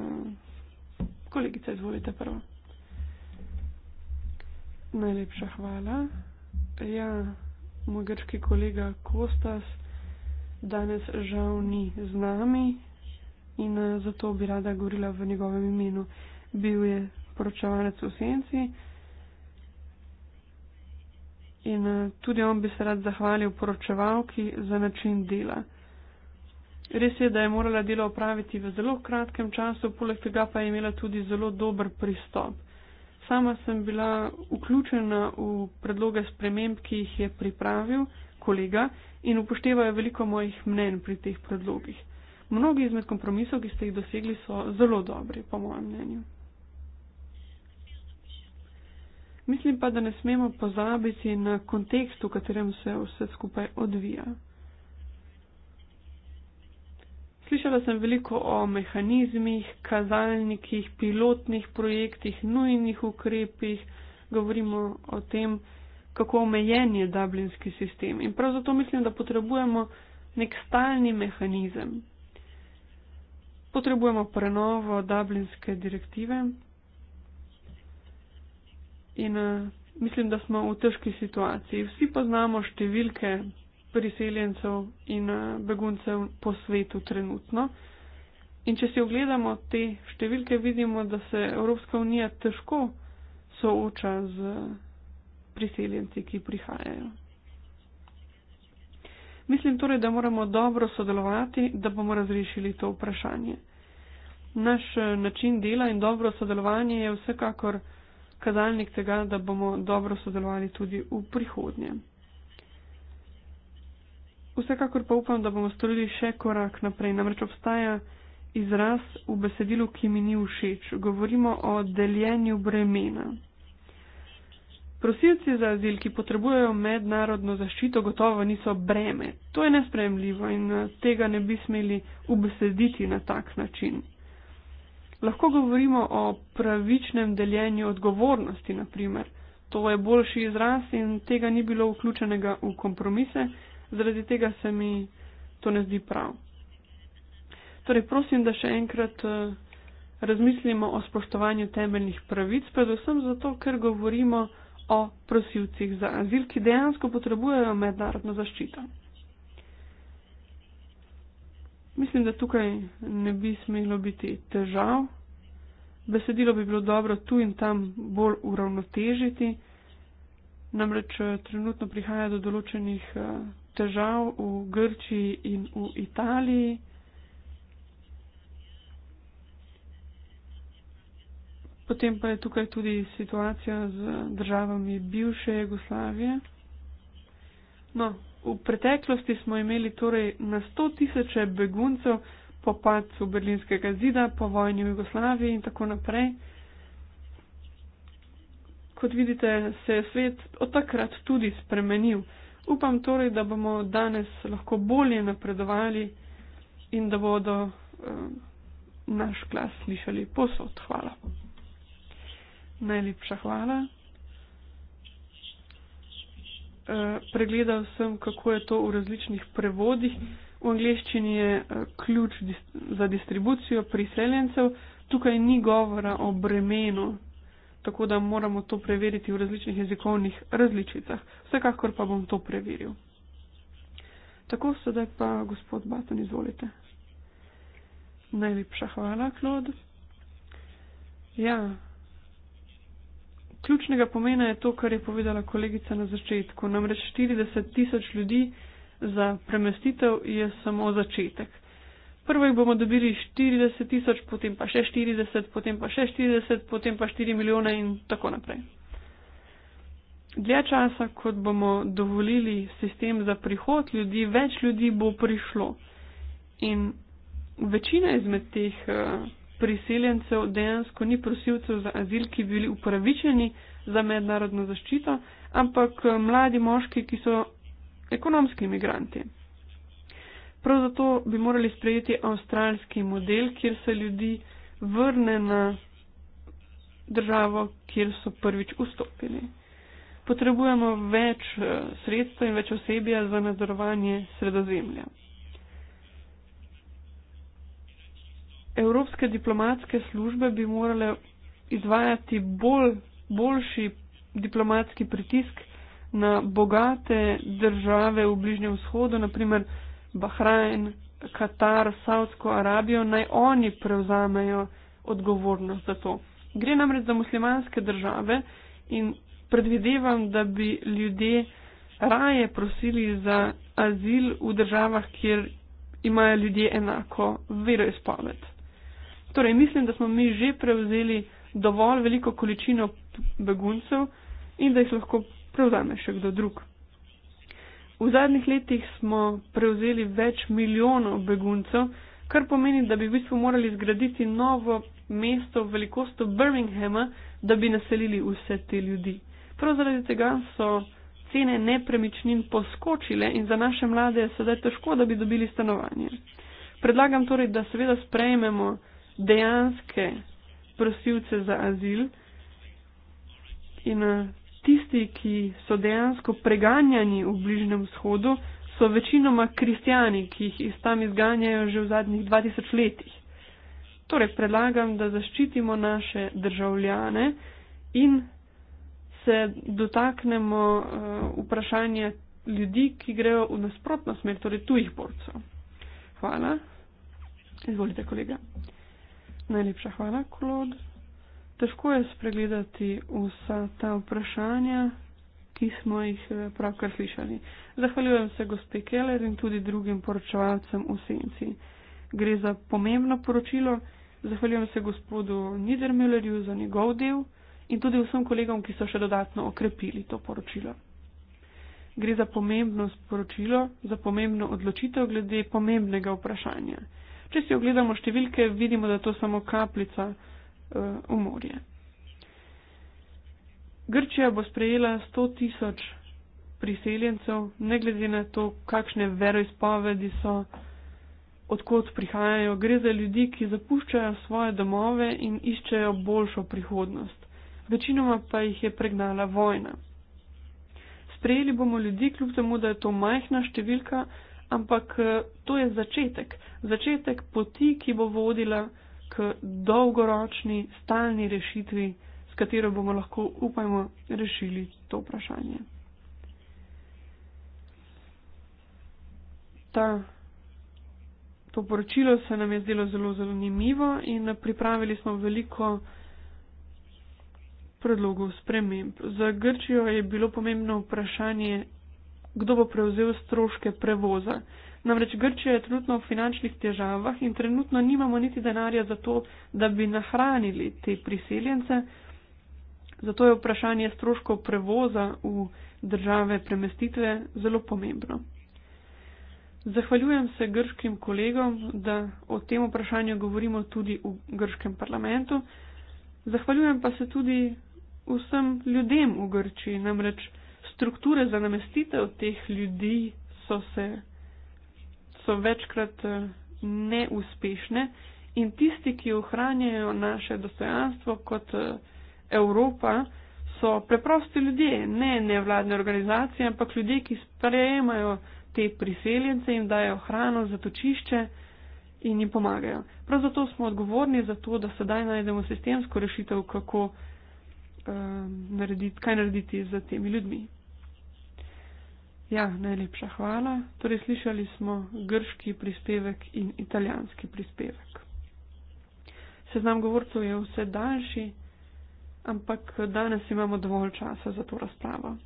kolegica, izvolite prvo. Najlepša hvala. Ja, moj grški kolega Kostas danes žal ni z nami in eh, zato bi rada govorila v njegovem imenu. Bil je poročevalec v senci in eh, tudi on bi se rad zahvalil poročevalki za način dela. Res je, da je morala delo opraviti v zelo kratkem času, poleg tega pa je imela tudi zelo dober pristop. Sama sem bila vključena v predloge sprememb, ki jih je pripravil kolega in upoštevajo veliko mojih mnen pri teh predlogih. Mnogi izmed kompromisov, ki ste jih dosegli, so zelo dobri, po mojem mnenju. Mislim pa, da ne smemo pozabiti na kontekst, v katerem se vse skupaj odvija. Slišala sem veliko o mehanizmih, kazalnikih, pilotnih projektih, nujnih ukrepih, govorimo o tem, kako omejen je dublinski sistem. In prav zato mislim, da potrebujemo nek stalni mehanizem. Potrebujemo prenovo dublinske direktive in uh, mislim, da smo v težki situaciji. Vsi poznamo številke priseljencev in eh, beguncev po svetu trenutno. In če si ogledamo te številke, vidimo, da se Evropska unija težko sooča z eh, priseljenci, ki prihajajo. Mislim torej, da moramo dobro sodelovati, da bomo razrešili to vprašanje. Naš eh, način dela in dobro sodelovanje je vsekakor kazalnik tega, da bomo dobro sodelovali tudi v prihodnje vsekakor pa upam, da bomo storili še korak naprej. Namreč obstaja izraz v besedilu, ki mi ni všeč. Govorimo o deljenju bremena. Prosilci za azil, ki potrebujejo mednarodno zaščito, gotovo niso breme. To je nespremljivo in eh, tega ne bi smeli ubesediti na tak način. Lahko govorimo o pravičnem deljenju odgovornosti, naprimer. To je boljši izraz in tega ni bilo vključenega v kompromise zaradi tega se mi to ne zdi prav. Torej, prosim, da še enkrat eh, razmislimo o spoštovanju temeljnih pravic, predvsem zato, ker govorimo o prosilcih za azil, ki dejansko potrebujejo mednarodno zaščito. Mislim, da tukaj ne bi smelo biti težav. Besedilo bi bilo dobro tu in tam bolj uravnotežiti, namreč eh, trenutno prihaja do določenih eh, težav v Grčiji in v Italiji. Potem pa je tukaj tudi situacija z državami bivše Jugoslavije. No, v preteklosti smo imeli torej na sto tisoče beguncev po padcu berlinskega zida, po vojni v Jugoslaviji in tako naprej. Kot vidite, se je svet od takrat tudi spremenil. Upam torej, da bomo danes lahko bolje napredovali in da bodo eh, naš glas slišali posod. Hvala. Najlepša hvala. Eh, pregledal sem, kako je to v različnih prevodih. V angleščini je eh, ključ dist za distribucijo priseljencev. Tukaj ni govora o bremenu tako da moramo to preveriti v različnih jezikovnih različicah. Vsekakor pa bom to preveril. Tako sedaj pa, gospod Baton, izvolite. Najlepša hvala, Klod. Ja, ključnega pomena je to, kar je povedala kolegica na začetku. Namreč 40 tisoč ljudi za premestitev je samo začetek. Prvo jih bomo dobili 40 tisoč, potem pa še 40, potem pa še 40, potem pa 4 milijone in tako naprej. Dlje časa, kot bomo dovolili sistem za prihod ljudi, več ljudi bo prišlo. In večina izmed teh eh, priseljencev dejansko ni prosilcev za azil, ki bi bili upravičeni za mednarodno zaščito, ampak eh, mladi moški, ki so ekonomski imigranti. Prav zato bi morali sprejeti avstralski model, kjer se ljudi vrne na državo, kjer so prvič vstopili. Potrebujemo več eh, sredstva in več osebja za nadzorovanje sredozemlja. Evropske diplomatske službe bi morale izvajati bolj, boljši diplomatski pritisk na bogate države v Bližnjem vzhodu, naprimer Bahrajn, Katar, Saudsko Arabijo, naj oni prevzamejo odgovornost za to. Gre namreč za muslimanske države in predvidevam, da bi ljudje raje prosili za azil v državah, kjer imajo ljudje enako veroizpoved. Torej, mislim, da smo mi že prevzeli dovolj veliko količino beguncev in da jih lahko prevzame še kdo drug. V zadnjih letih smo prevzeli več milijonov beguncev, kar pomeni, da bi v bistvu morali zgraditi novo mesto velikosto Birminghama, da bi naselili vse te ljudi. Prav zaradi tega so cene nepremičnin poskočile in za naše mlade je sedaj težko, da bi dobili stanovanje. Predlagam torej, da seveda sprejmemo dejanske prosilce za azil in eh, tisti, ki so dejansko preganjani v Bližnem vzhodu, so večinoma kristijani, ki jih iz tam izganjajo že v zadnjih 2000 letih. Torej predlagam, da zaščitimo naše državljane in se dotaknemo uh, vprašanja ljudi, ki grejo v nasprotno smer, torej tujih borcev. Hvala. Izvolite, kolega. Najlepša hvala, Klod težko je spregledati vsa ta vprašanja, ki smo jih eh, pravkar slišali. Zahvaljujem se gospe Keller in tudi drugim poročevalcem v senci. Gre za pomembno poročilo. Zahvaljujem se gospodu Niedermüllerju za njegov del in tudi vsem kolegom, ki so še dodatno okrepili to poročilo. Gre za pomembno sporočilo, za pomembno odločitev glede pomembnega vprašanja. Če si ogledamo številke, vidimo, da to samo kapljica Eh, v morje. Grčija bo sprejela 100 tisoč priseljencev, ne glede na to, kakšne veroizpovedi so, odkot prihajajo. Gre za ljudi, ki zapuščajo svoje domove in iščejo boljšo prihodnost. Večinoma pa jih je pregnala vojna. Sprejeli bomo ljudi, kljub temu, da je to majhna številka, ampak eh, to je začetek. Začetek poti, ki bo vodila k dolgoročni, stalni rešitvi, s katero bomo lahko, upajmo, rešili to vprašanje. Ta, to poročilo se nam je zdelo zelo zanimivo in pripravili smo veliko predlogov sprememb. Za Grčijo je bilo pomembno vprašanje, kdo bo prevzel stroške prevoza. Namreč Grčija je trenutno v finančnih težavah in trenutno nimamo niti denarja za to, da bi nahranili te priseljence. Zato je vprašanje stroškov prevoza v države premestitve zelo pomembno. Zahvaljujem se grškim kolegom, da o tem vprašanju govorimo tudi v grškem parlamentu. Zahvaljujem pa se tudi vsem ljudem v Grčiji, namreč strukture za namestitev teh ljudi so se so večkrat eh, neuspešne in tisti, ki ohranjajo naše dostojanstvo kot eh, Evropa, so preprosti ljudje, ne nevladne organizacije, ampak ljudje, ki sprejemajo te priseljence in dajo hrano, zatočišče in jim pomagajo. Prav zato smo odgovorni za to, da sedaj najdemo sistemsko rešitev, kako, um, narediti, kaj narediti z temi ljudmi. Ja, najlepša hvala. Torej, slišali smo grški prispevek in italijanski prispevek. Seznam govorcev je vse daljši, ampak danes imamo dovolj časa za to razpravo.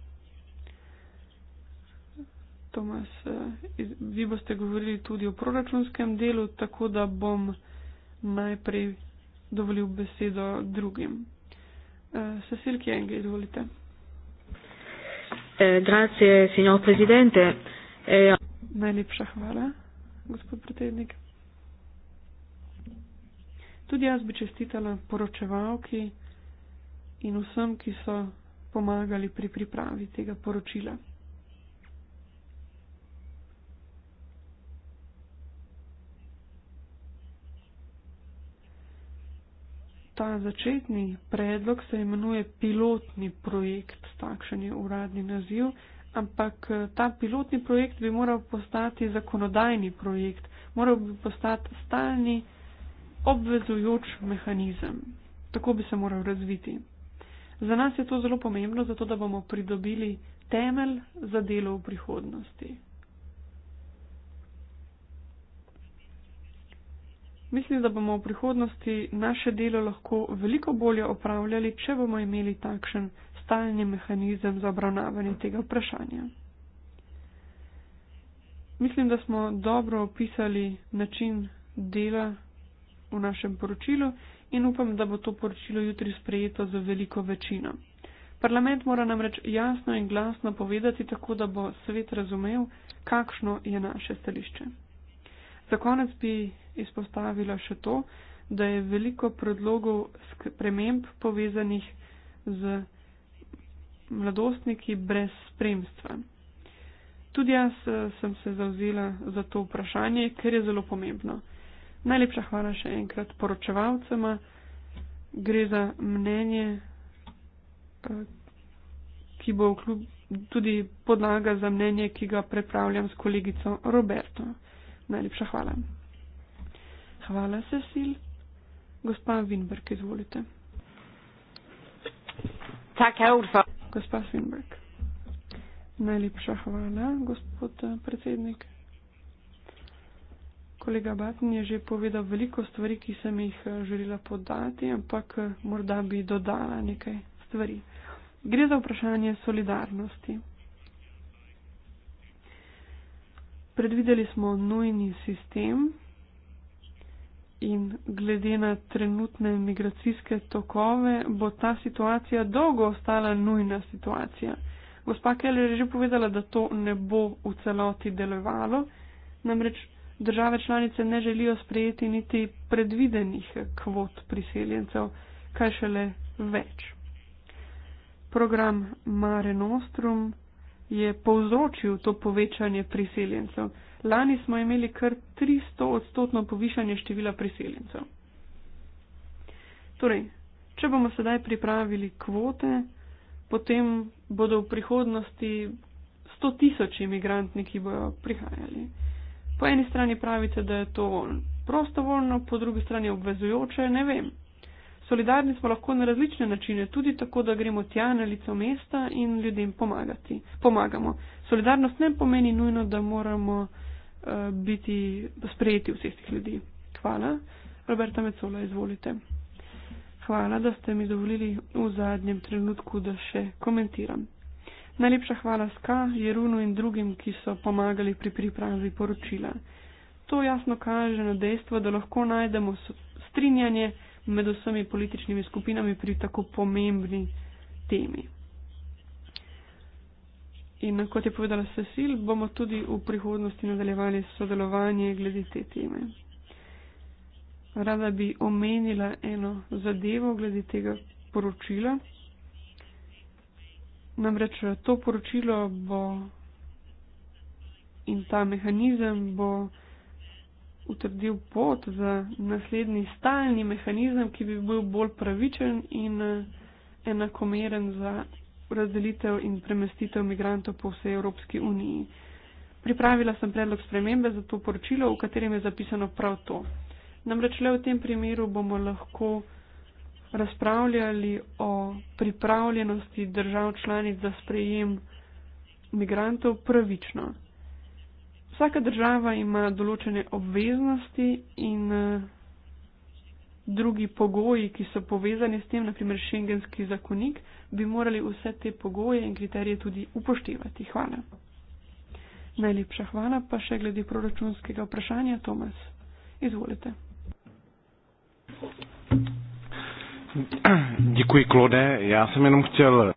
Tomas, eh, vi boste govorili tudi o proračunskem delu, tako da bom najprej dovolil besedo drugim. Eh, Cecil Kienge, izvolite. Eh, grazie, signor Presidente. Eh, Najlepša hvala, gospod predsednik. Tudi jaz bi čestitala poročevalki in vsem, ki so pomagali pri pripravi tega poročila. ta začetni predlog se imenuje pilotni projekt, takšen je uradni naziv, ampak ta pilotni projekt bi moral postati zakonodajni projekt, moral bi postati stalni obvezujoč mehanizem. Tako bi se moral razviti. Za nas je to zelo pomembno, zato da bomo pridobili temelj za delo v prihodnosti. Mislim, da bomo v prihodnosti naše delo lahko veliko bolje opravljali, če bomo imeli takšen stalni mehanizem za obravnavanje tega vprašanja. Mislim, da smo dobro opisali način dela v našem poročilu in upam, da bo to poročilo jutri sprejeto z veliko večino. Parlament mora namreč jasno in glasno povedati, tako da bo svet razumel, kakšno je naše stališče. Za konec bi izpostavila še to, da je veliko predlogov sprememb povezanih z mladostniki brez spremstva. Tudi jaz eh, sem se zauzela za to vprašanje, ker je zelo pomembno. Najlepša hvala še enkrat poročevalcema. Gre za mnenje, eh, ki bo tudi podlaga za mnenje, ki ga prepravljam s kolegico Roberto. Najlepša hvala. Hvala, Cecil. Gospa Winberg, izvolite. Tak, ja, Gospa Winberg. Najlepša hvala, gospod eh, predsednik. Kolega Batin je že povedal veliko stvari, ki sem jih eh, želela podati, ampak eh, morda bi dodala nekaj stvari. Gre za vprašanje solidarnosti. predvideli smo nujni sistem in glede na trenutne migracijske tokove bo ta situacija dolgo ostala nujna situacija. Gospa Keller je že povedala, da to ne bo v celoti delovalo, namreč države članice ne želijo sprejeti niti predvidenih kvot priseljencev, kaj šele več. Program Mare Nostrum je povzročil to povečanje priseljencev. Lani smo imeli kar 300 odstotno povišanje števila priseljencev. Torej, če bomo sedaj pripravili kvote, potem bodo v prihodnosti 100 tisoč imigrantni, ki bojo prihajali. Po eni strani pravite, da je to prostovoljno, po drugi strani obvezujoče, ne vem. Solidarni smo lahko na različne načine, tudi tako, da gremo tja na lico mesta in ljudem pomagati. pomagamo. Solidarnost ne pomeni nujno, da moramo uh, biti sprejeti vseh tih ljudi. Hvala. Roberta Mecola, izvolite. Hvala, da ste mi dovolili v zadnjem trenutku, da še komentiram. Najlepša hvala Ska, Jerunu in drugim, ki so pomagali pri pripravi poročila. To jasno kaže na dejstvo, da lahko najdemo strinjanje, med vsemi političnimi skupinami pri tako pomembni temi. In kot je povedala Cecil, bomo tudi v prihodnosti nadaljevali sodelovanje glede te teme. Rada bi omenila eno zadevo glede tega poročila. Namreč to poročilo bo in ta mehanizem bo utrdil pot za naslednji stalni mehanizem, ki bi bil bolj pravičen in eh, enakomeren za razdelitev in premestitev migrantov po vsej Evropski uniji. Pripravila sem predlog spremembe za to poročilo, v katerem je zapisano prav to. Namreč le v tem primeru bomo lahko razpravljali o pripravljenosti držav članic za sprejem migrantov pravično. Vsaka država ima določene obveznosti in eh, drugi pogoji, ki so povezani s tem, naprimer šengenski zakonik, bi morali vse te pogoje in kriterije tudi upoštevati. Hvala. Najlepša hvala pa še glede proračunskega vprašanja, Tomas. Izvolite. Děkuji, Klode. Já jsem jenom chtěl...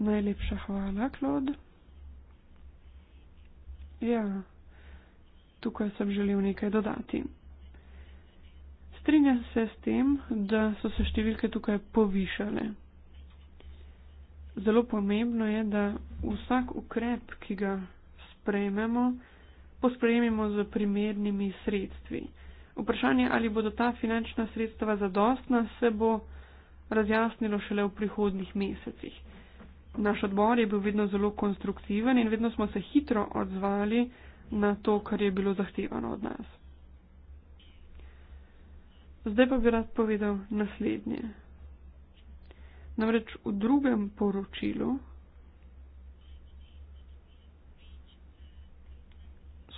Najlepša hvala, Klod. Ja. Yeah tukaj sem želel nekaj dodati. Strinjam se s tem, da so se številke tukaj povišale. Zelo pomembno je, da vsak ukrep, ki ga sprejmemo, posprejmemo z primernimi sredstvi. Vprašanje, ali bodo ta finančna sredstva zadostna, se bo razjasnilo šele v prihodnih mesecih. Naš odbor je bil vedno zelo konstruktiven in vedno smo se hitro odzvali, na to, kar je bilo zahtevano od nas. Zdaj pa bi rad povedal naslednje. Namreč v drugem poročilu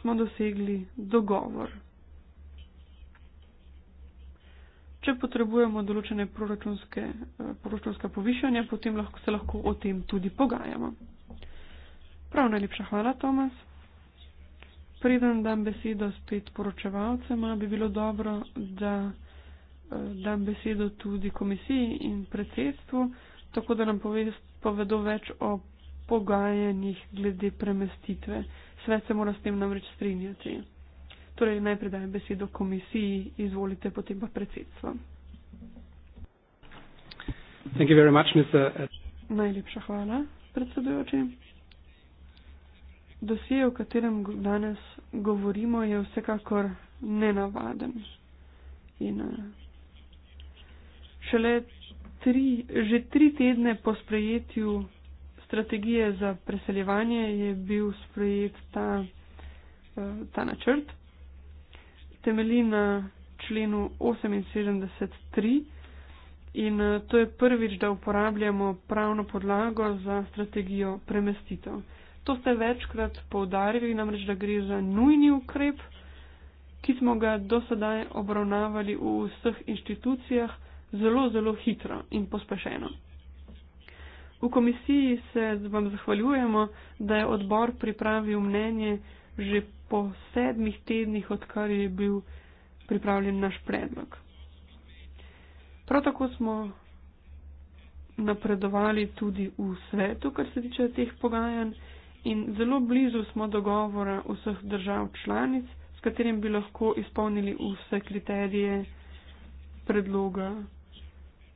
smo dosegli dogovor. Če potrebujemo določene proračunske, eh, proračunska povišanja, potem lahko se lahko o tem tudi pogajamo. Prav najlepša hvala, Tomas preden dam besedo spet poročevalcema, bi bilo dobro, da eh, dam besedo tudi komisiji in predsedstvu, tako da nam povedo več o pogajanjih glede premestitve. Svet se mora s tem namreč strinjati. Torej, najprej dajem besedo komisiji, izvolite potem pa predsedstvo. Much, Najlepša hvala, predsedujoči dosije, o katerem danes govorimo, je vsekakor nenavaden. In eh, šele tri, že tri tedne po sprejetju strategije za preseljevanje je bil sprejet ta, eh, ta načrt. Temelji na členu 78.3 in eh, to je prvič, da uporabljamo pravno podlago za strategijo premestitev. To ste večkrat poudarili, namreč da gre za nujni ukrep, ki smo ga do sedaj obravnavali v vseh inštitucijah zelo, zelo hitro in pospešeno. V komisiji se vam zahvaljujemo, da je odbor pripravil mnenje že po sedmih tednih, odkar je bil pripravljen naš predlog. Prav tako smo napredovali tudi v svetu, kar se tiče teh pogajanj in zelo blizu smo dogovora vseh držav članic, s katerim bi lahko izpolnili vse kriterije predloga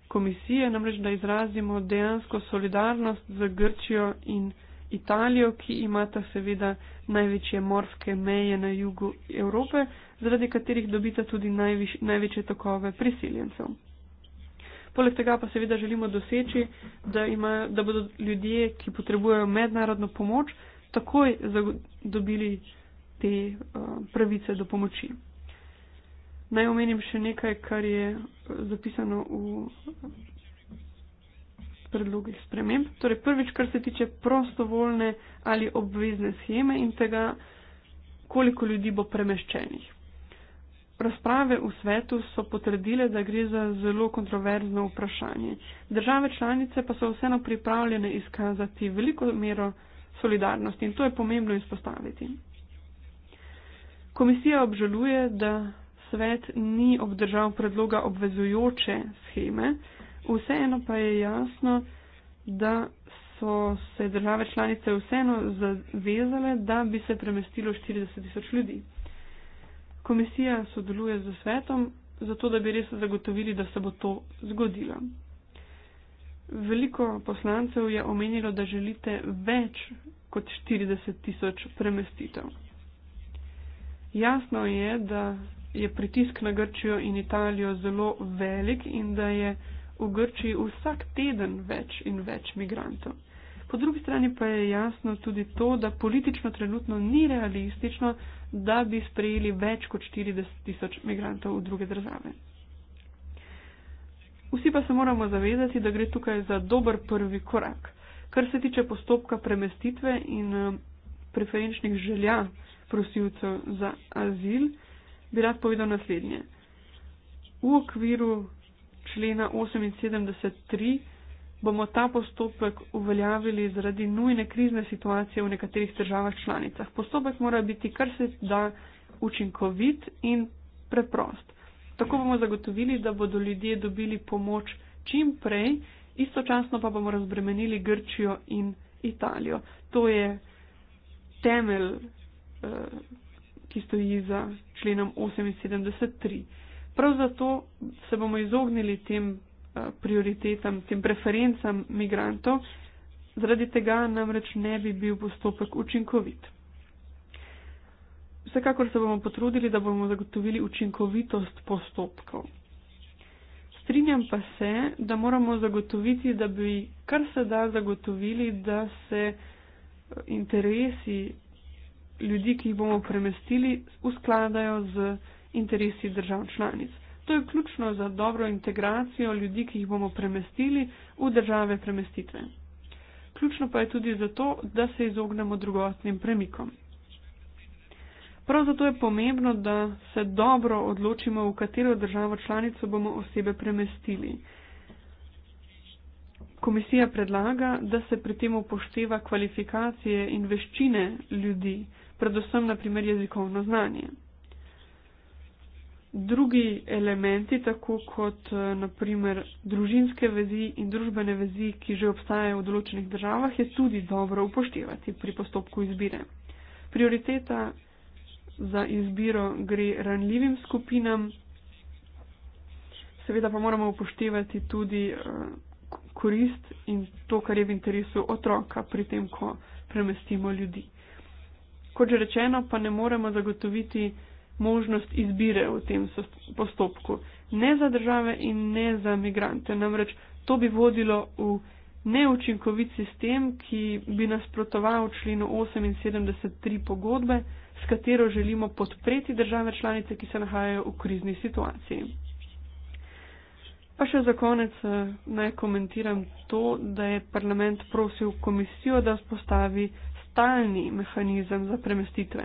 komisije, namreč da izrazimo dejansko solidarnost za Grčijo in Italijo, ki imata seveda največje morske meje na jugu Evrope, zaradi katerih dobita tudi največje tokove prisiljencev. Poleg tega pa seveda želimo doseči, da, ima, da bodo ljudje, ki potrebujejo mednarodno pomoč, takoj dobili te uh, pravice do pomoči. Naj omenim še nekaj, kar je eh, zapisano v predlogih sprememb. Torej, prvič, kar se tiče prostovoljne ali obvezne scheme in tega, koliko ljudi bo premeščenih. Razprave v svetu so potrdile, da gre za zelo kontroverzno vprašanje. Države članice pa so vseeno pripravljene izkazati veliko mero solidarnosti in to je pomembno izpostaviti. Komisija obžaluje, da svet ni obdržal predloga obvezujoče scheme, vseeno pa je jasno, da so se države članice vseeno zavezale, da bi se premestilo 40 tisoč ljudi. Komisija sodeluje z svetom, zato da bi res zagotovili, da se bo to zgodilo. Veliko poslancev je omenilo, da želite več kot 40 tisoč premestitev. Jasno je, da je pritisk na Grčijo in Italijo zelo velik in da je v Grčiji vsak teden več in več migrantov. Po drugi strani pa je jasno tudi to, da politično trenutno ni realistično, da bi sprejeli več kot 40 tisoč migrantov v druge države. Vsi pa se moramo zavedati, da gre tukaj za dober prvi korak. Kar se tiče postopka premestitve in preferenčnih želja prosilcev za azil, bi rad povedal naslednje. V okviru člena 78.3 bomo ta postopek uveljavili zaradi nujne krizne situacije v nekaterih državah članicah. Postopek mora biti kar se da učinkovit in preprost. Tako bomo zagotovili, da bodo ljudje dobili pomoč čim prej, istočasno pa bomo razbremenili Grčijo in Italijo. To je temelj, eh, ki stoji za členom 78.3. Prav zato se bomo izognili tem Eh, prioritetam, tem preferencam migrantov, zaradi tega namreč ne bi bil postopek učinkovit. Vsekakor se bomo potrudili, da bomo zagotovili učinkovitost postopkov. Strinjam pa se, da moramo zagotoviti, da bi kar se da zagotovili, da se eh, interesi ljudi, ki jih bomo premestili, uskladajo z interesi držav članic. To je ključno za dobro integracijo ljudi, ki jih bomo premestili v države premestitve. Ključno pa je tudi zato, da se izognemo drugotnim premikom. Prav zato je pomembno, da se dobro odločimo, v katero državo članico bomo osebe premestili. Komisija predlaga, da se pri tem upošteva kvalifikacije in veščine ljudi, predvsem na primer jezikovno znanje drugi elementi, tako kot eh, naprimer družinske vezi in družbene vezi, ki že obstajajo v določenih državah, je tudi dobro upoštevati pri postopku izbire. Prioriteta za izbiro gre ranljivim skupinam, seveda pa moramo upoštevati tudi eh, korist in to, kar je v interesu otroka pri tem, ko premestimo ljudi. Kot že rečeno, pa ne moremo zagotoviti, možnost izbire v tem postopku. Ne za države in ne za migrante. Namreč to bi vodilo v neučinkovit sistem, ki bi nasprotoval členu 873 pogodbe, s katero želimo podpreti države članice, ki se nahajajo v krizni situaciji. Pa še za konec eh, naj komentiram to, da je parlament prosil komisijo, da spostavi stalni mehanizem za premestitve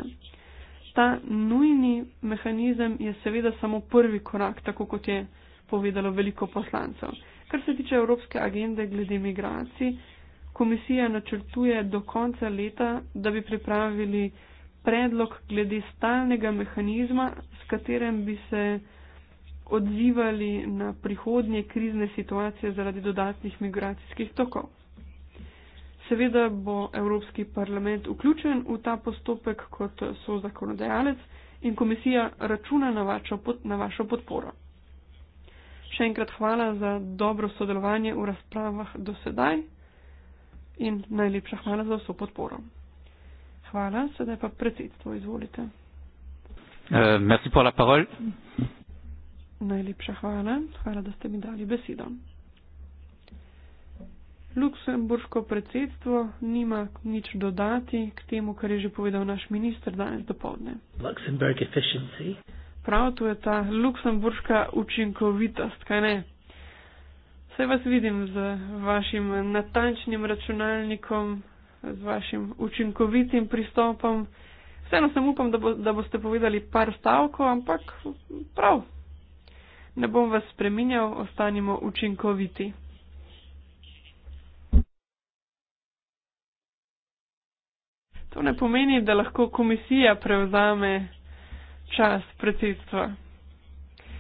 ta nujni mehanizem je seveda samo prvi korak, tako kot je povedalo veliko poslancev. Kar se tiče Evropske agende glede migracij, komisija načrtuje do konca leta, da bi pripravili predlog glede stalnega mehanizma, s katerem bi se odzivali na prihodnje krizne situacije zaradi dodatnih migracijskih tokov. Seveda bo Evropski parlament vključen v ta postopek kot so zakonodajalec in komisija računa na vašo, pot, na vašo podporo. Še enkrat hvala za dobro sodelovanje v razpravah do sedaj in najlepša hvala za vso podporo. Hvala, sedaj pa predsedstvo, izvolite. Uh, najlepša hvala, hvala, da ste mi dali besedo. Luksemburško predsedstvo nima nič dodati k temu, kar je že povedal naš minister danes dopoledne. Prav to je ta luksemburška učinkovitost, kaj ne? Vse vas vidim z vašim natančnim računalnikom, z vašim učinkovitim pristopom. Vseeno sem upam, da, bo, da boste povedali par stavkov, ampak prav. Ne bom vas spreminjal, ostanimo učinkoviti. To ne pomeni, da lahko komisija prevzame čas predsedstva.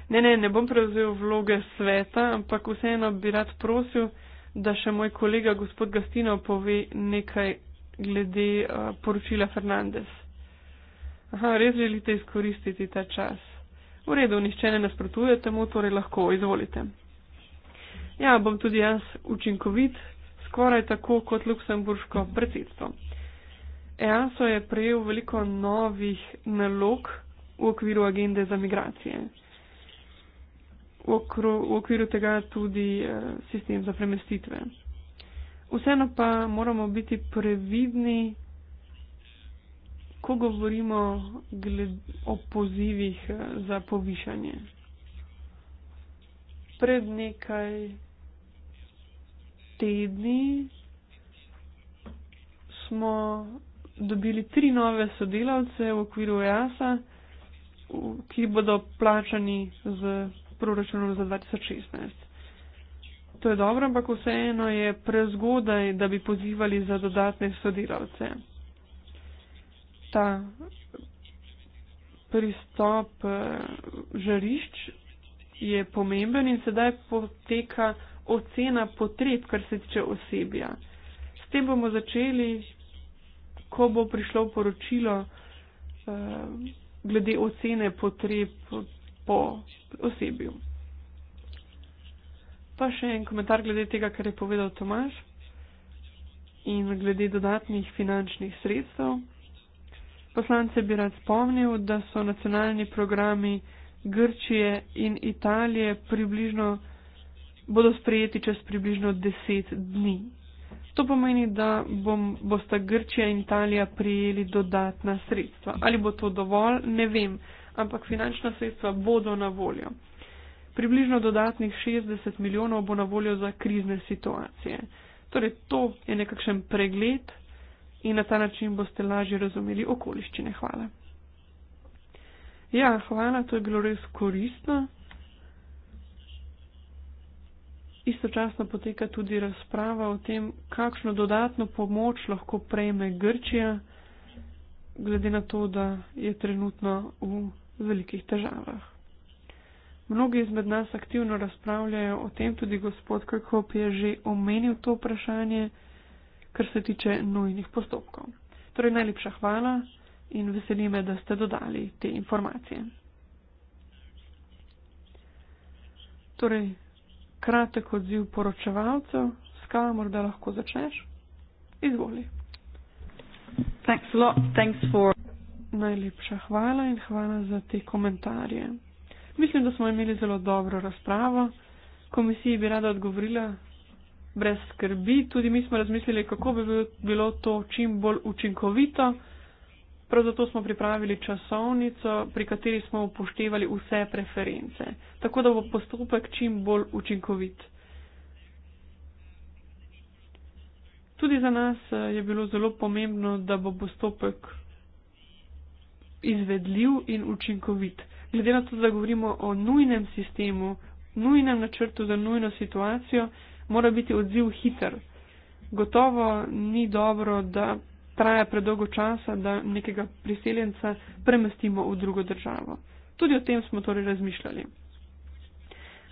Ne, ne, ne bom prevzel vloge sveta, ampak vseeno bi rad prosil, da še moj kolega gospod Gastino pove nekaj glede uh, poročila Fernandez. Aha, res želite izkoristiti ta čas. V redu, nišče ne nasprotuje temu, torej lahko, izvolite. Ja, bom tudi jaz učinkovit, skoraj tako kot luksemburško predsedstvo. EASO je prejel veliko novih nalog v okviru agende za migracije. V, okru, v okviru tega tudi eh, sistem za premestitve. Vseeno pa moramo biti previdni, ko govorimo gled, o pozivih eh, za povišanje. Pred nekaj tedni smo dobili tri nove sodelavce v okviru EASA, ki bodo plačani z proračunom za 2016. To je dobro, ampak vseeno je prezgodaj, da bi pozivali za dodatne sodelavce. Ta pristop eh, žarišč je pomemben in sedaj poteka ocena potreb, kar se tiče osebja. S tem bomo začeli ko bo prišlo poročilo eh, glede ocene potreb po osebju. Pa še en komentar glede tega, kar je povedal Tomaš in glede dodatnih finančnih sredstev. Poslance bi rad spomnil, da so nacionalni programi Grčije in Italije približno bodo sprejeti čez približno deset dni. To pomeni, da bom, bosta Grčija in Italija prijeli dodatna sredstva. Ali bo to dovolj, ne vem, ampak finančna sredstva bodo na voljo. Približno dodatnih 60 milijonov bo na voljo za krizne situacije. Torej, to je nekakšen pregled in na ta način boste lažje razumeli okoliščine. Hvala. Ja, hvala, to je bilo res koristno. Istočasno poteka tudi razprava o tem, kakšno dodatno pomoč lahko prejme Grčija, glede na to, da je trenutno v velikih težavah. Mnogi izmed nas aktivno razpravljajo o tem, tudi gospod Krkop je že omenil to vprašanje, kar se tiče nujnih postopkov. Torej najlepša hvala in veseli me, da ste dodali te informacije. Torej, kratek odziv poročevalcev, s kaj morda lahko začneš? Izvoli. Thanks a lot. Thanks for... Najlepša hvala in hvala za te komentarje. Mislim, da smo imeli zelo dobro razpravo. Komisiji bi rada odgovorila brez skrbi. Tudi mi smo razmislili, kako bi bilo to čim bolj učinkovito. Prav zato smo pripravili časovnico, pri kateri smo upoštevali vse preference, tako da bo postopek čim bolj učinkovit. Tudi za nas eh, je bilo zelo pomembno, da bo postopek izvedljiv in učinkovit. Glede na to, da govorimo o nujnem sistemu, nujnem načrtu za nujno situacijo, mora biti odziv hiter. Gotovo ni dobro, da traja predolgo časa, da nekega priseljenca premestimo v drugo državo. Tudi o tem smo torej razmišljali.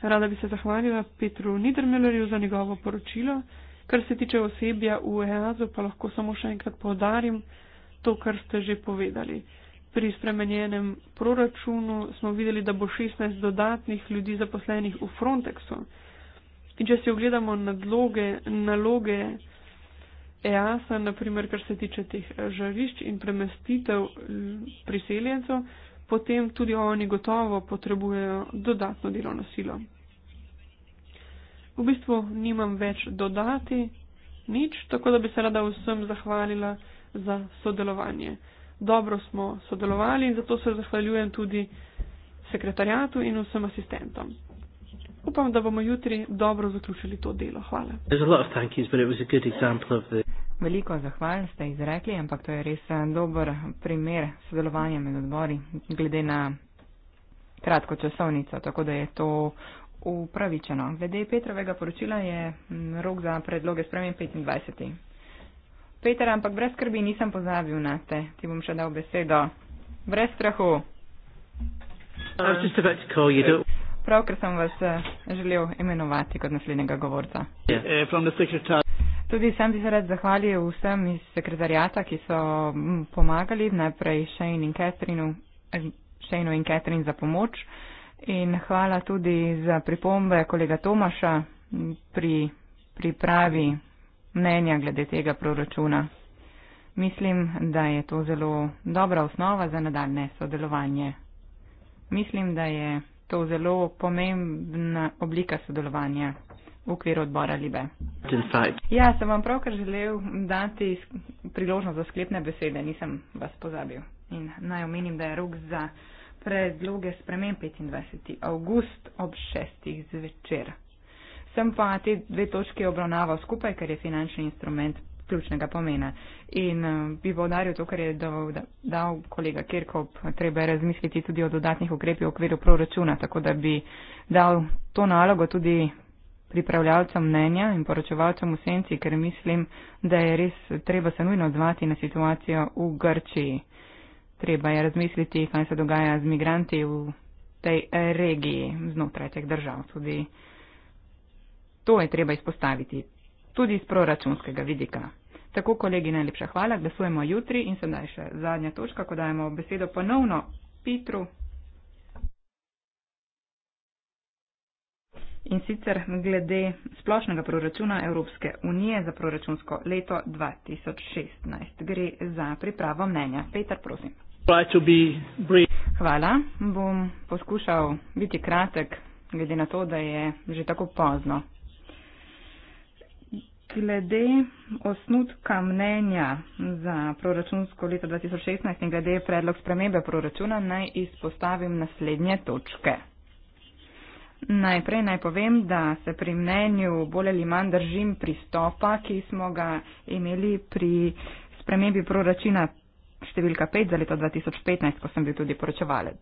Rada bi se zahvalila Petru Niedermüllerju za njegovo poročilo. Kar se tiče osebja v EASO, pa lahko samo še enkrat povdarim to, kar ste že povedali. Pri spremenjenem proračunu smo videli, da bo 16 dodatnih ljudi zaposlenih v Frontexu. In če si ogledamo nadloge, naloge, naloge, EASA, naprimer, kar se tiče teh eh, žarišč in premestitev priseljencev, potem tudi oni gotovo potrebujejo dodatno delovno silo. V bistvu nimam več dodati nič, tako da bi se rada vsem zahvalila za sodelovanje. Dobro smo sodelovali in zato se zahvaljujem tudi sekretarjatu in vsem asistentom. Upam, da bomo jutri dobro zaključili to delo. Hvala veliko zahval ste izrekli, ampak to je res eh, dober primer sodelovanja med odbori glede na kratko časovnico, tako da je to upravičeno. Glede Petrovega poročila je mm, rok za predloge spremem 25. Peter, ampak brez skrbi nisem pozabil na te, ti bom še dal besedo. Brez strahu. Pravkar sem vas eh, želel imenovati kot naslednjega govorca. Yeah. Eh, Tudi sem bi se rad zahvalil vsem iz sekretarjata, ki so mm, pomagali, najprej Shane in Catherineu, Shaneu in Catherine za pomoč. In hvala tudi za pripombe kolega Tomaša pri pripravi mnenja glede tega proračuna. Mislim, da je to zelo dobra osnova za nadaljne sodelovanje. Mislim, da je to zelo pomembna oblika sodelovanja v okviru odbora Libe. Ja, sem vam pravkar želel dati priložnost za sklepne besede, nisem vas pozabil. In naj omenim, da je rok za predloge spremen 25. august ob 6. zvečer. Sem pa te dve točke obravnaval skupaj, ker je finančni instrument ključnega pomena. In eh, bi povdaril to, kar je dal, dal kolega Kirkop, treba je razmisliti tudi o dodatnih ukrepih v okviru proračuna, tako da bi dal to nalogo tudi pripravljalcem mnenja in poročevalcem v senci, ker mislim, da je res treba se nujno odzvati na situacijo v Grčiji. Treba je razmisliti, kaj se dogaja z migranti v tej regiji znotraj teh držav. Tudi to je treba izpostaviti, tudi iz proračunskega vidika. Tako, kolegi, najlepša hvala, glasujemo jutri in sedaj še zadnja točka, ko dajemo besedo ponovno Petru. in sicer glede splošnega proračuna Evropske unije za proračunsko leto 2016. Gre za pripravo mnenja. Petar, prosim. Hvala. Bom poskušal biti kratek, glede na to, da je že tako pozno. Glede osnutka mnenja za proračunsko leto 2016 in glede predlog spremembe proračuna naj izpostavim naslednje točke. Najprej naj povem, da se pri mnenju bolj ali manj držim pristopa, ki smo ga imeli pri spremembi proračuna številka 5 za leto 2015, ko sem bil tudi poročevalec.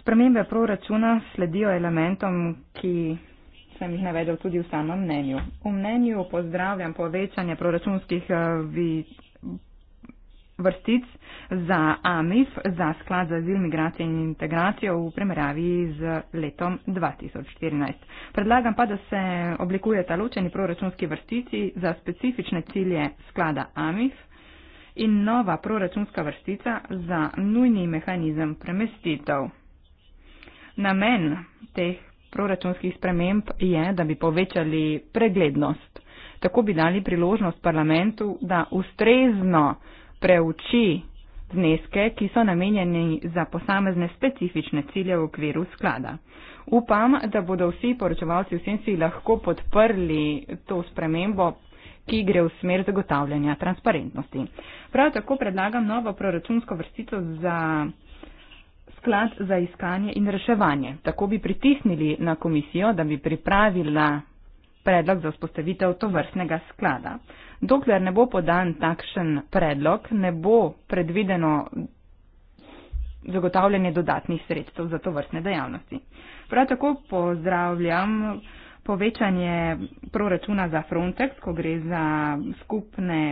Spremembe proračuna sledijo elementom, ki sem jih navedel tudi v samem mnenju. V mnenju pozdravljam povečanje proračunskih eh, vid vrstic za AMIF, za sklad za azil, migracijo in integracijo v primerjavi z letom 2014. Predlagam pa, da se oblikujeta ločeni proračunski vrstici za specifične cilje sklada AMIF in nova proračunska vrstica za nujni mehanizem premestitev. Namen teh proračunskih sprememb je, da bi povečali preglednost. Tako bi dali priložnost parlamentu, da ustrezno preuči zneske, ki so namenjeni za posamezne specifične cilje v okviru sklada. Upam, da bodo vsi poročevalci v Sensi lahko podprli to spremembo, ki gre v smer zagotavljanja transparentnosti. Prav tako predlagam novo proračunsko vrstico za sklad za iskanje in reševanje. Tako bi pritisnili na komisijo, da bi pripravila predlog za spostavitev tovrstnega sklada. Dokler ne bo podan takšen predlog, ne bo predvideno zagotavljanje dodatnih sredstev za tovrstne dejavnosti. Prav tako pozdravljam povečanje proračuna za Frontex, ko gre za skupne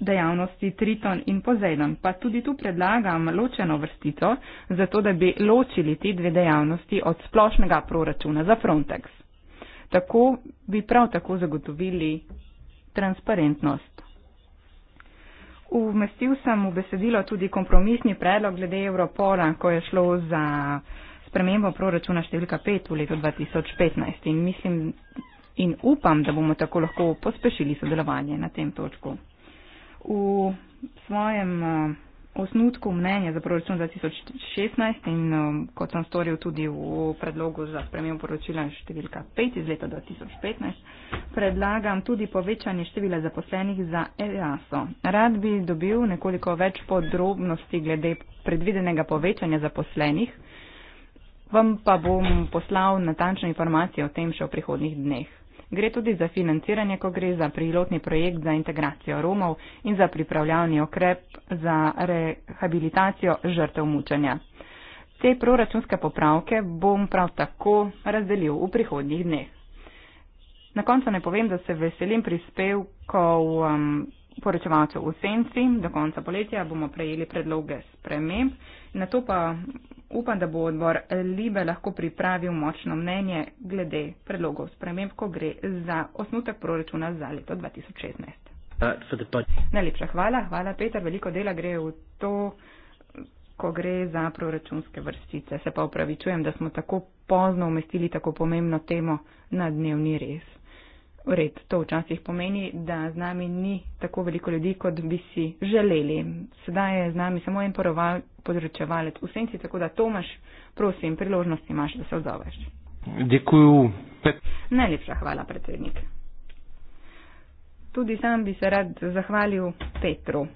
dejavnosti Triton in Poseidon. Pa tudi tu predlagam ločeno vrstico, zato da bi ločili te dve dejavnosti od splošnega proračuna za Frontex. Tako bi prav tako zagotovili transparentnost. Umestil sem v besedilo tudi kompromisni predlog glede Evropola, ko je šlo za spremembo proračuna številka 5 v letu 2015 in mislim in upam, da bomo tako lahko pospešili sodelovanje na tem točku. V svojem uh, osnutku mnenja za proračun 2016 in um, kot sem storil tudi v predlogu za spremem poročila številka 5 iz leta 2015, predlagam tudi povečanje števila zaposlenih za EASO. Rad bi dobil nekoliko več podrobnosti glede predvidenega povečanja zaposlenih, vam pa bom poslal natančne informacije o tem še v prihodnjih dneh gre tudi za financiranje, ko gre za prilotni projekt za integracijo Romov in za pripravljalni okrep za rehabilitacijo žrtev mučenja. Te proračunske popravke bom prav tako razdelil v prihodnjih dneh. Na koncu ne povem, da se veselim prispevkov. Um, poročevalcev v senci. Do konca poletja bomo prejeli predloge sprememb. Na to pa upam, da bo odbor Libe lahko pripravil močno mnenje glede predlogov sprememb, ko gre za osnutek proračuna za leto 2016. Najlepša hvala. Hvala, Peter. Veliko dela gre v to, ko gre za proračunske vrstice. Se pa upravičujem, da smo tako pozno umestili tako pomembno temo na dnevni res red. To včasih pomeni, da z nami ni tako veliko ljudi, kot bi si želeli. Sedaj je z nami samo en poroval, področevalec v senci, tako da Tomaš, prosim, priložnost imaš, da se odzoveš. Dekuju. Najlepša hvala, predsednik. Tudi sam bi se rad zahvalil Petru.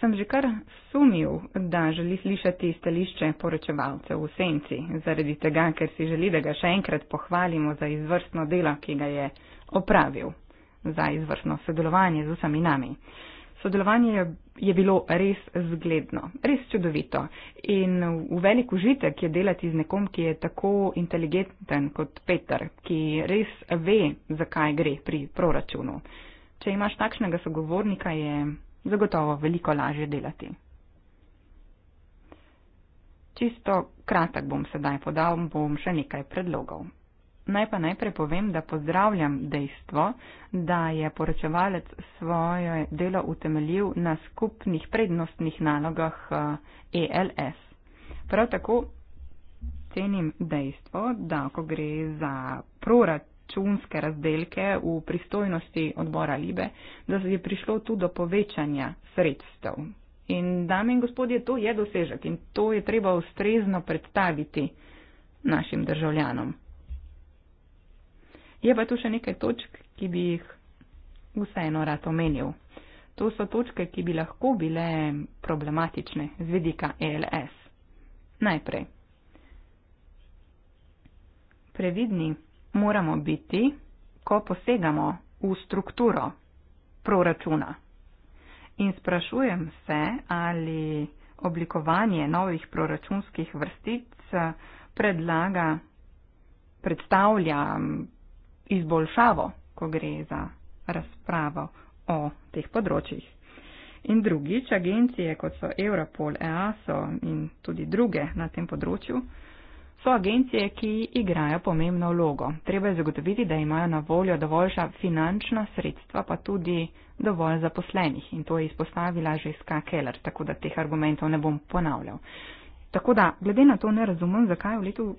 sem že kar sumil, da želi slišati stališče poročevalcev v senci, zaradi tega, ker si želi, da ga še enkrat pohvalimo za izvrstno delo, ki ga je opravil, za izvrstno sodelovanje z vsemi nami. Sodelovanje je bilo res zgledno, res čudovito in v velik užitek je delati z nekom, ki je tako inteligenten kot Peter, ki res ve, zakaj gre pri proračunu. Če imaš takšnega sogovornika, je zagotovo veliko lažje delati. Čisto kratek bom sedaj podal, bom še nekaj predlogov. Naj pa najprej povem, da pozdravljam dejstvo, da je poročevalec svoje delo utemeljil na skupnih prednostnih nalogah ELS. Eh, e Prav tako cenim dejstvo, da ko gre za proračun, proračunske razdelke v pristojnosti odbora Libe, da se je prišlo tudi do povečanja sredstev. In dame in gospodje, to je dosežek in to je treba ustrezno predstaviti našim državljanom. Je pa tu še nekaj točk, ki bi jih vseeno rad omenil. To so točke, ki bi lahko bile problematične z vidika ELS. Najprej. Previdni moramo biti, ko posegamo v strukturo proračuna. In sprašujem se, ali oblikovanje novih proračunskih vrstic eh, predlaga, predstavlja mm, izboljšavo, ko gre za razpravo o teh področjih. In drugič, agencije kot so Europol, EASO in tudi druge na tem področju so agencije, ki igrajo pomembno vlogo. Treba je zagotoviti, da imajo na voljo dovoljša finančna sredstva, pa tudi dovolj zaposlenih. In to je izpostavila že Ska Keller, tako da teh argumentov ne bom ponavljal. Tako da, glede na to ne razumem, zakaj v letu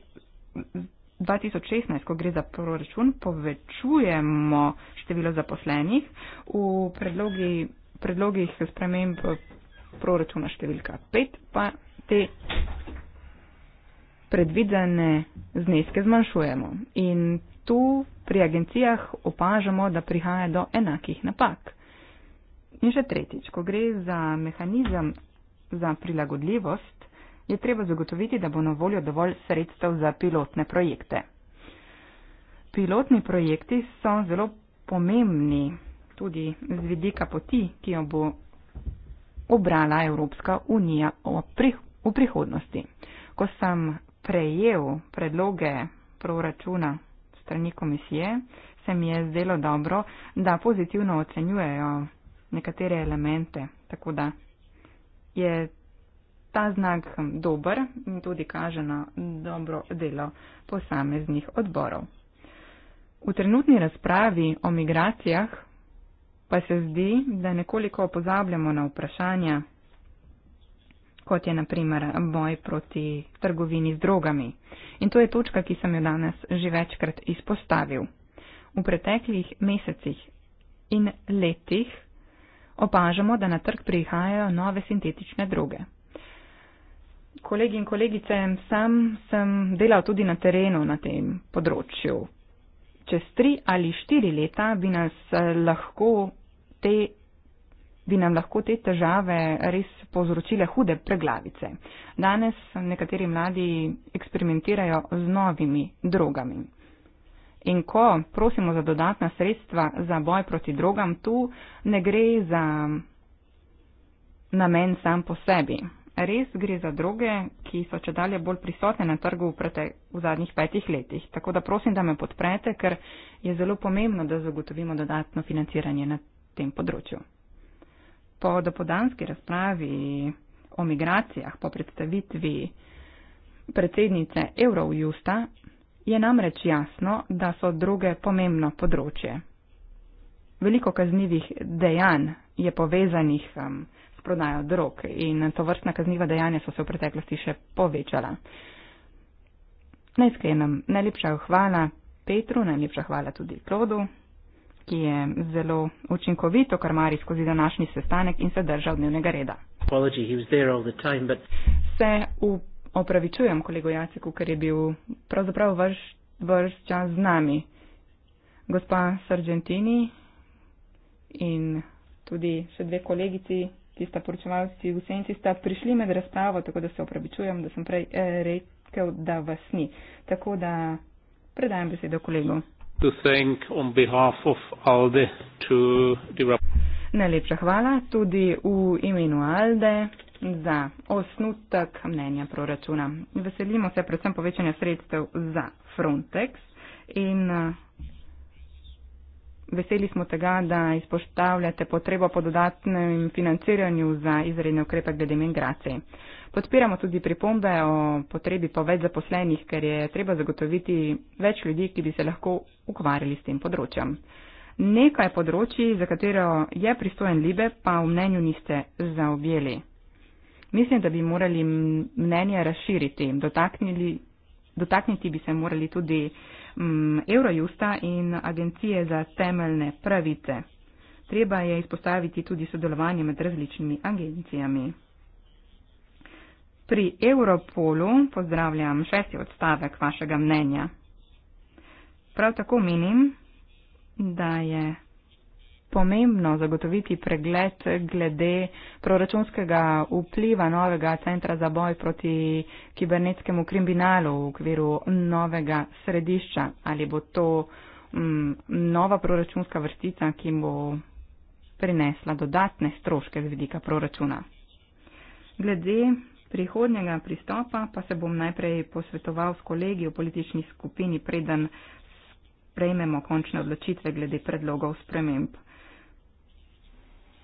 2016, ko gre za proračun, povečujemo število zaposlenih v predlogi, predlogih sprememb proračuna številka 5, pa te predvidene zneske zmanjšujemo. In tu pri agencijah opažamo, da prihaja do enakih napak. In še tretjič, ko gre za mehanizem za prilagodljivost, je treba zagotoviti, da bo na voljo dovolj sredstev za pilotne projekte. Pilotni projekti so zelo pomembni tudi z vidika poti, ki jo bo obrala Evropska unija v prihodnosti. Ko sem prejel predloge proračuna strani komisije, se mi je zdelo dobro, da pozitivno ocenjujejo nekatere elemente. Tako da je ta znak dober in tudi kaže na dobro delo posameznih odborov. V trenutni razpravi o migracijah pa se zdi, da nekoliko pozabljamo na vprašanja, kot je na primer boj proti trgovini z drogami. In to je točka, ki sem jo danes že večkrat izpostavil. V preteklih mesecih in letih opažamo, da na trg prihajajo nove sintetične droge. Kolegi in kolegice, sam sem delal tudi na terenu na tem področju. Čez tri ali štiri leta bi nas eh, lahko te bi nam lahko te težave res povzročile hude preglavice. Danes nekateri mladi eksperimentirajo z novimi drogami. In ko prosimo za dodatna sredstva za boj proti drogam, tu ne gre za namen sam po sebi. Res gre za droge, ki so če dalje bolj prisotne na trgu v, prete, v zadnjih petih letih. Tako da prosim, da me podprete, ker je zelo pomembno, da zagotovimo dodatno financiranje na tem področju po dopodanski razpravi o migracijah po predstavitvi predsednice Eurojusta je namreč jasno, da so druge pomembno področje. Veliko kaznivih dejanj je povezanih um, s prodajo drog in to vrstna kazniva dejanja so se v preteklosti še povečala. Najskrenem, najlepša hvala Petru, najlepša hvala tudi Klodu ki je zelo učinkovito krmari skozi današnji sestanek in se držal dnevnega reda. Time, but... Se opravičujem, kolego Jaceku, ker je bil pravzaprav vrš, vrš čas z nami. Gospa Sargentini in tudi še dve kolegici, ki sta poročevalci v senci, sta prišli med razpravo, tako da se opravičujem, da sem prej eh, rekel, da vas ni. Tako da predajam besedo kolegu. Mm -hmm to thank on behalf of ALDE to the Najlepša hvala tudi v imenu ALDE za osnutek mnenja proračuna. Veselimo se predvsem povečanja sredstev za Frontex in eh, veseli smo tega, da izpoštavljate potrebo po dodatnem financiranju za izredne ukrepe glede migracije. Podpiramo tudi pripombe o potrebi po več zaposlenih, ker je treba zagotoviti več ljudi, ki bi se lahko ukvarjali s tem področjem. Nekaj področji, za katero je pristojen Libe, pa v mnenju niste zaobjeli. Mislim, da bi morali mnenje razširiti, dotaknili. Dotakniti bi se morali tudi um, Eurojusta in Agencije za temeljne pravice. Treba je izpostaviti tudi sodelovanje med različnimi agencijami. Pri Europolu pozdravljam šesti odstavek vašega mnenja. Prav tako menim, da je pomembno zagotoviti pregled glede proračunskega vpliva novega centra za boj proti kibernetskemu kriminalu v okviru novega središča. Ali bo to mm, nova proračunska vrstica, ki bo prinesla dodatne stroške z vidika proračuna. Glede prihodnjega pristopa pa se bom najprej posvetoval s kolegi v politični skupini, preden sprejmemo končne odločitve glede predlogov sprememb.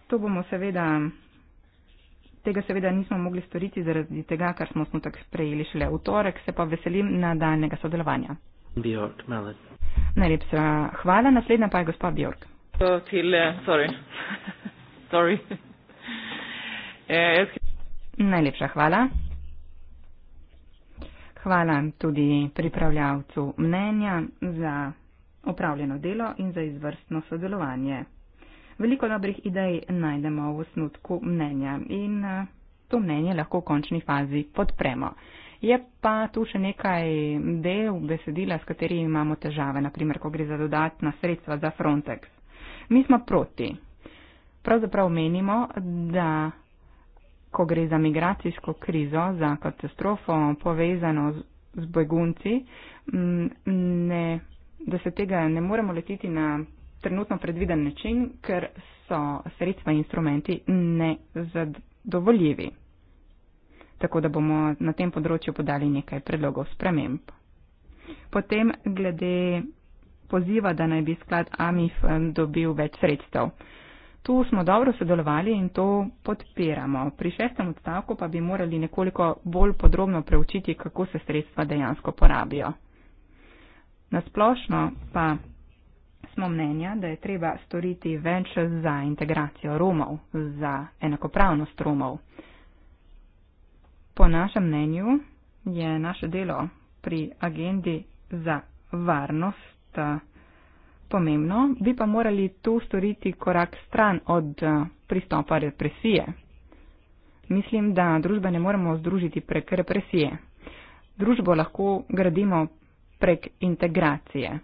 To bomo seveda, tega seveda nismo mogli storiti zaradi tega, kar smo osnutek sprejeli šele v torek, se pa veselim nadaljnega sodelovanja. Bjork, Najlepša hvala, naslednja pa je gospod Bjork. Uh, till, uh, sorry. sorry. uh, Najlepša hvala. Hvala tudi pripravljavcu mnenja za opravljeno delo in za izvrstno sodelovanje. Veliko dobrih idej najdemo v osnutku mnenja in eh, to mnenje lahko v končni fazi podpremo. Je pa tu še nekaj del besedila, s katerimi imamo težave, naprimer, ko gre za dodatna sredstva za Frontex. Mi smo proti. Pravzaprav menimo, da ko gre za migracijsko krizo, za katastrofo povezano z, z begunci, ne, da se tega ne moremo letiti na trenutno predviden način, ker so sredstva in instrumenti nezadovoljivi. Tako da bomo na tem področju podali nekaj predlogov sprememb. Potem glede poziva, da naj bi sklad AMIF eh, dobil več sredstev. Tu smo dobro sodelovali in to podpiramo. Pri šestem odstavku pa bi morali nekoliko bolj podrobno preučiti, kako se sredstva dejansko porabijo. Nasplošno pa smo mnenja, da je treba storiti več za integracijo Romov, za enakopravnost Romov. Po našem mnenju je naše delo pri agendi za varnost pomembno, bi pa morali tu storiti korak stran od eh, pristopa represije. Mislim, da družbe ne moremo združiti prek represije. Družbo lahko gradimo prek integracije.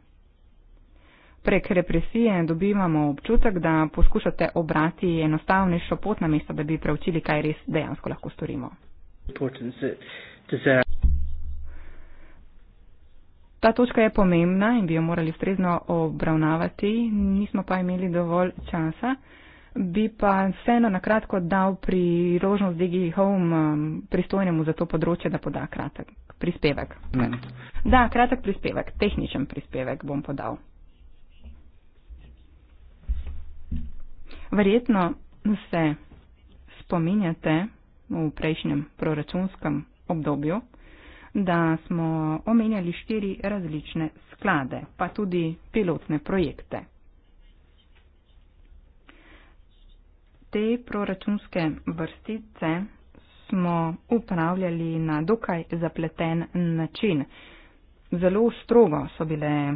Prek represije dobivamo občutek, da poskušate obrati enostavnejšo pot na mesto, da bi preučili, kaj res dejansko lahko storimo. Ta točka je pomembna in bi jo morali ustrezno obravnavati, nismo pa imeli dovolj časa. Bi pa vseeno na kratko dal priložnost Digi Home um, pristojnemu za to področje, da poda kratek prispevek. Da, kratek prispevek, tehničen prispevek bom podal. Verjetno se spominjate v prejšnjem proračunskem obdobju, da smo omenjali štiri različne sklade, pa tudi pilotne projekte. Te proračunske vrstice smo upravljali na dokaj zapleten način. Zelo strogo so bile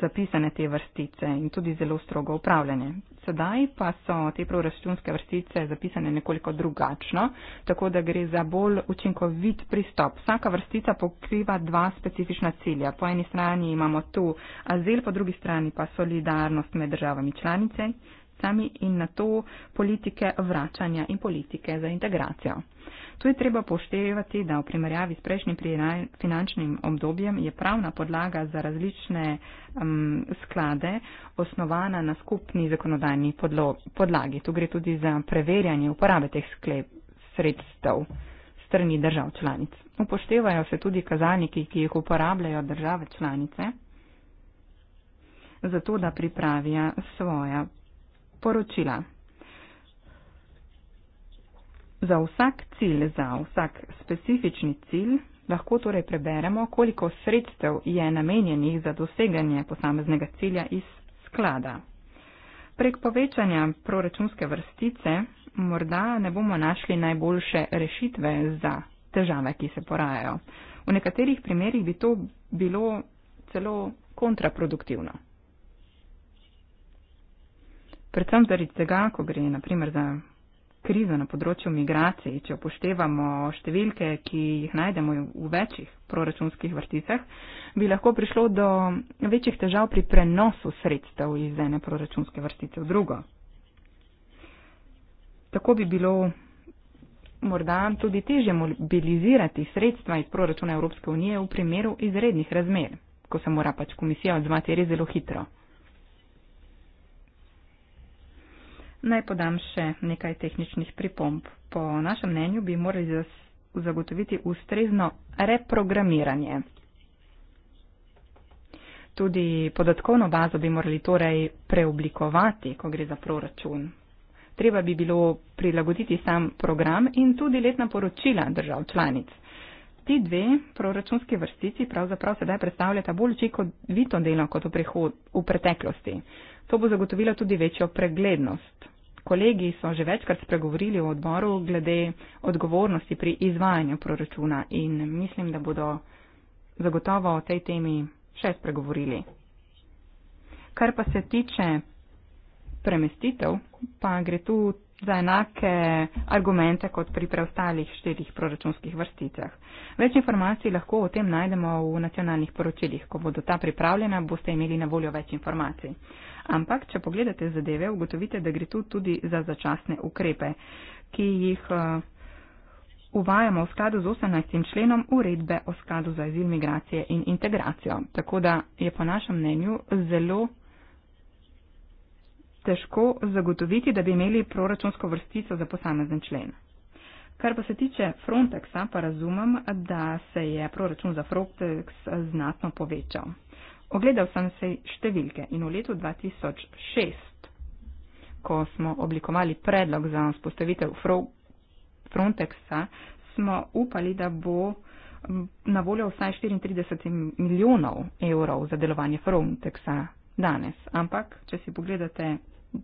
zapisane te vrstice in tudi zelo strogo upravljene. Sedaj pa so te proračunske vrstice zapisane nekoliko drugačno, tako da gre za bolj učinkovit pristop. Vsaka vrstica pokriva dva specifična cilja. Po eni strani imamo tu azil, po drugi strani pa solidarnost med državami članice migracijami in na to politike vračanja in politike za integracijo. Tu je treba poštevati, da v primerjavi s prejšnjim finančnim obdobjem je pravna podlaga za različne um, sklade osnovana na skupni zakonodajni podlo, podlagi. Tu gre tudi za preverjanje uporabe teh sklep, sredstev strani držav članic. Upoštevajo se tudi kazalniki, ki jih uporabljajo države članice, zato da pripravijo svoja poročila. Za vsak cilj, za vsak specifični cilj lahko torej preberemo, koliko sredstev je namenjenih za doseganje posameznega cilja iz sklada. Prek povečanja proračunske vrstice morda ne bomo našli najboljše rešitve za težave, ki se porajajo. V nekaterih primerjih bi to bilo celo kontraproduktivno. Predvsem zaradi tega, ko gre naprimer za krizo na področju migracij, če upoštevamo številke, ki jih najdemo v večjih proračunskih vrticah, bi lahko prišlo do večjih težav pri prenosu sredstev iz ene proračunske vrstice v drugo. Tako bi bilo morda tudi težje mobilizirati sredstva iz proračuna Evropske unije v primeru izrednih razmer, ko se mora pač komisija odzvati res zelo hitro. Naj podam še nekaj tehničnih pripomb. Po našem mnenju bi morali zagotoviti ustrezno reprogramiranje. Tudi podatkovno bazo bi morali torej preoblikovati, ko gre za proračun. Treba bi bilo prilagoditi sam program in tudi letna poročila držav članic. Ti dve proračunski vrstici pravzaprav sedaj predstavljata bolj učinkovito delo kot v, prihod, v preteklosti. To bo zagotovilo tudi večjo preglednost kolegi so že večkrat spregovorili v odboru glede odgovornosti pri izvajanju proračuna in mislim, da bodo zagotovo o tej temi še spregovorili. Kar pa se tiče premestitev, pa gre tu za enake argumente kot pri preostalih štirih proračunskih vrsticah. Več informacij lahko o tem najdemo v nacionalnih poročilih. Ko bodo ta pripravljena, boste imeli na voljo več informacij ampak če pogledate zadeve, ugotovite, da gre tu tudi za začasne ukrepe, ki jih eh, uvajamo v skladu z 18. členom uredbe o skladu za azil migracije in integracijo. Tako da je po našem mnenju zelo težko zagotoviti, da bi imeli proračunsko vrstico za posamezen člen. Kar pa se tiče Frontexa, pa razumem, da se je proračun za Frontex znatno povečal. Ogledal sem se številke in v letu 2006, ko smo oblikovali predlog za vzpostavitev Frontexa, smo upali, da bo na voljo vsaj 34 milijonov evrov za delovanje Frontexa danes. Ampak, če si pogledate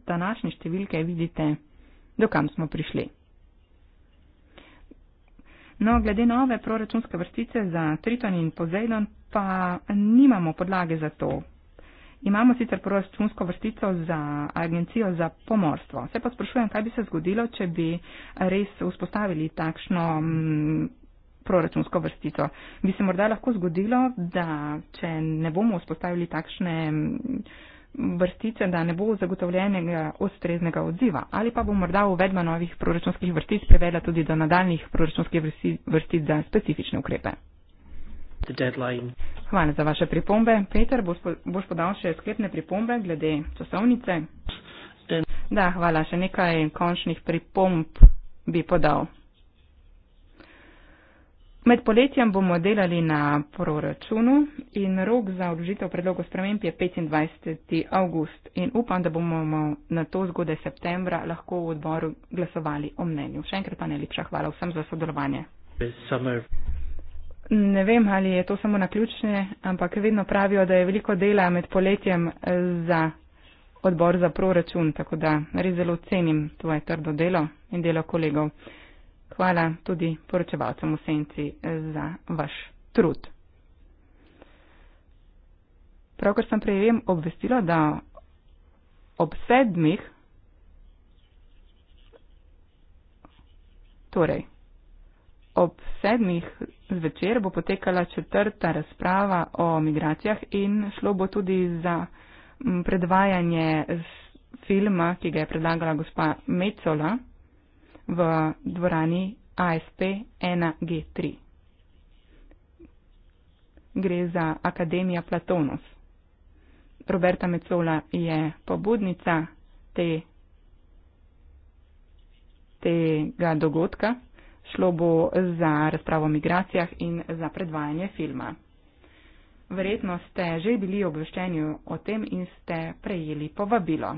današnje številke, vidite, dokam smo prišli. No, glede nove proračunske vrstice za Triton in Poseidon pa nimamo podlage za to. Imamo sicer proračunsko vrstico za agencijo za pomorstvo. Se pa sprašujem, kaj bi se zgodilo, če bi res vzpostavili takšno mm, proračunsko vrstico. Bi se morda lahko zgodilo, da če ne bomo vzpostavili takšne mm, vrstice, da ne bo zagotovljenega ustreznega odziva. Ali pa bo morda uvedba novih proračunskih vrstic privedla tudi do nadaljnih proračunskih vrstic za specifične ukrepe the deadline. Hvala za vaše pripombe. Peter, boš podal še sklepne pripombe glede časovnice? Da, hvala. Še nekaj končnih pripomb bi podal. Med poletjem bomo delali na proračunu in rok za odložitev predlogov sprememb je 25. avgust in upam, da bomo na to zgode septembra lahko v odboru glasovali o mnenju. Še enkrat pa najlepša hvala vsem za sodelovanje. Ne vem, ali je to samo na ključne, ampak vedno pravijo, da je veliko dela med poletjem eh, za odbor za proračun, tako da res zelo cenim tvoje trdo delo in delo kolegov. Hvala tudi poročevalcem v senci eh, za vaš trud. Pravkar sem prejem obvestilo, da ob sedmih, torej Ob sedmih zvečer bo potekala četrta razprava o migracijah in šlo bo tudi za predvajanje filma, ki ga je predlagala gospa Mecola v dvorani ASP 1G3. Gre za Akademija Platonus. Roberta Mecola je pobudnica te, tega dogodka. Šlo bo za razpravo o migracijah in za predvajanje filma. Verjetno ste že bili obveščeni o tem in ste prejeli povabilo.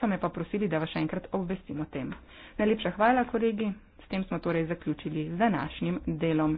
So me pa prosili, da vas še enkrat obvestim o tem. Najlepša hvala, kolegi. S tem smo torej zaključili z današnjim delom.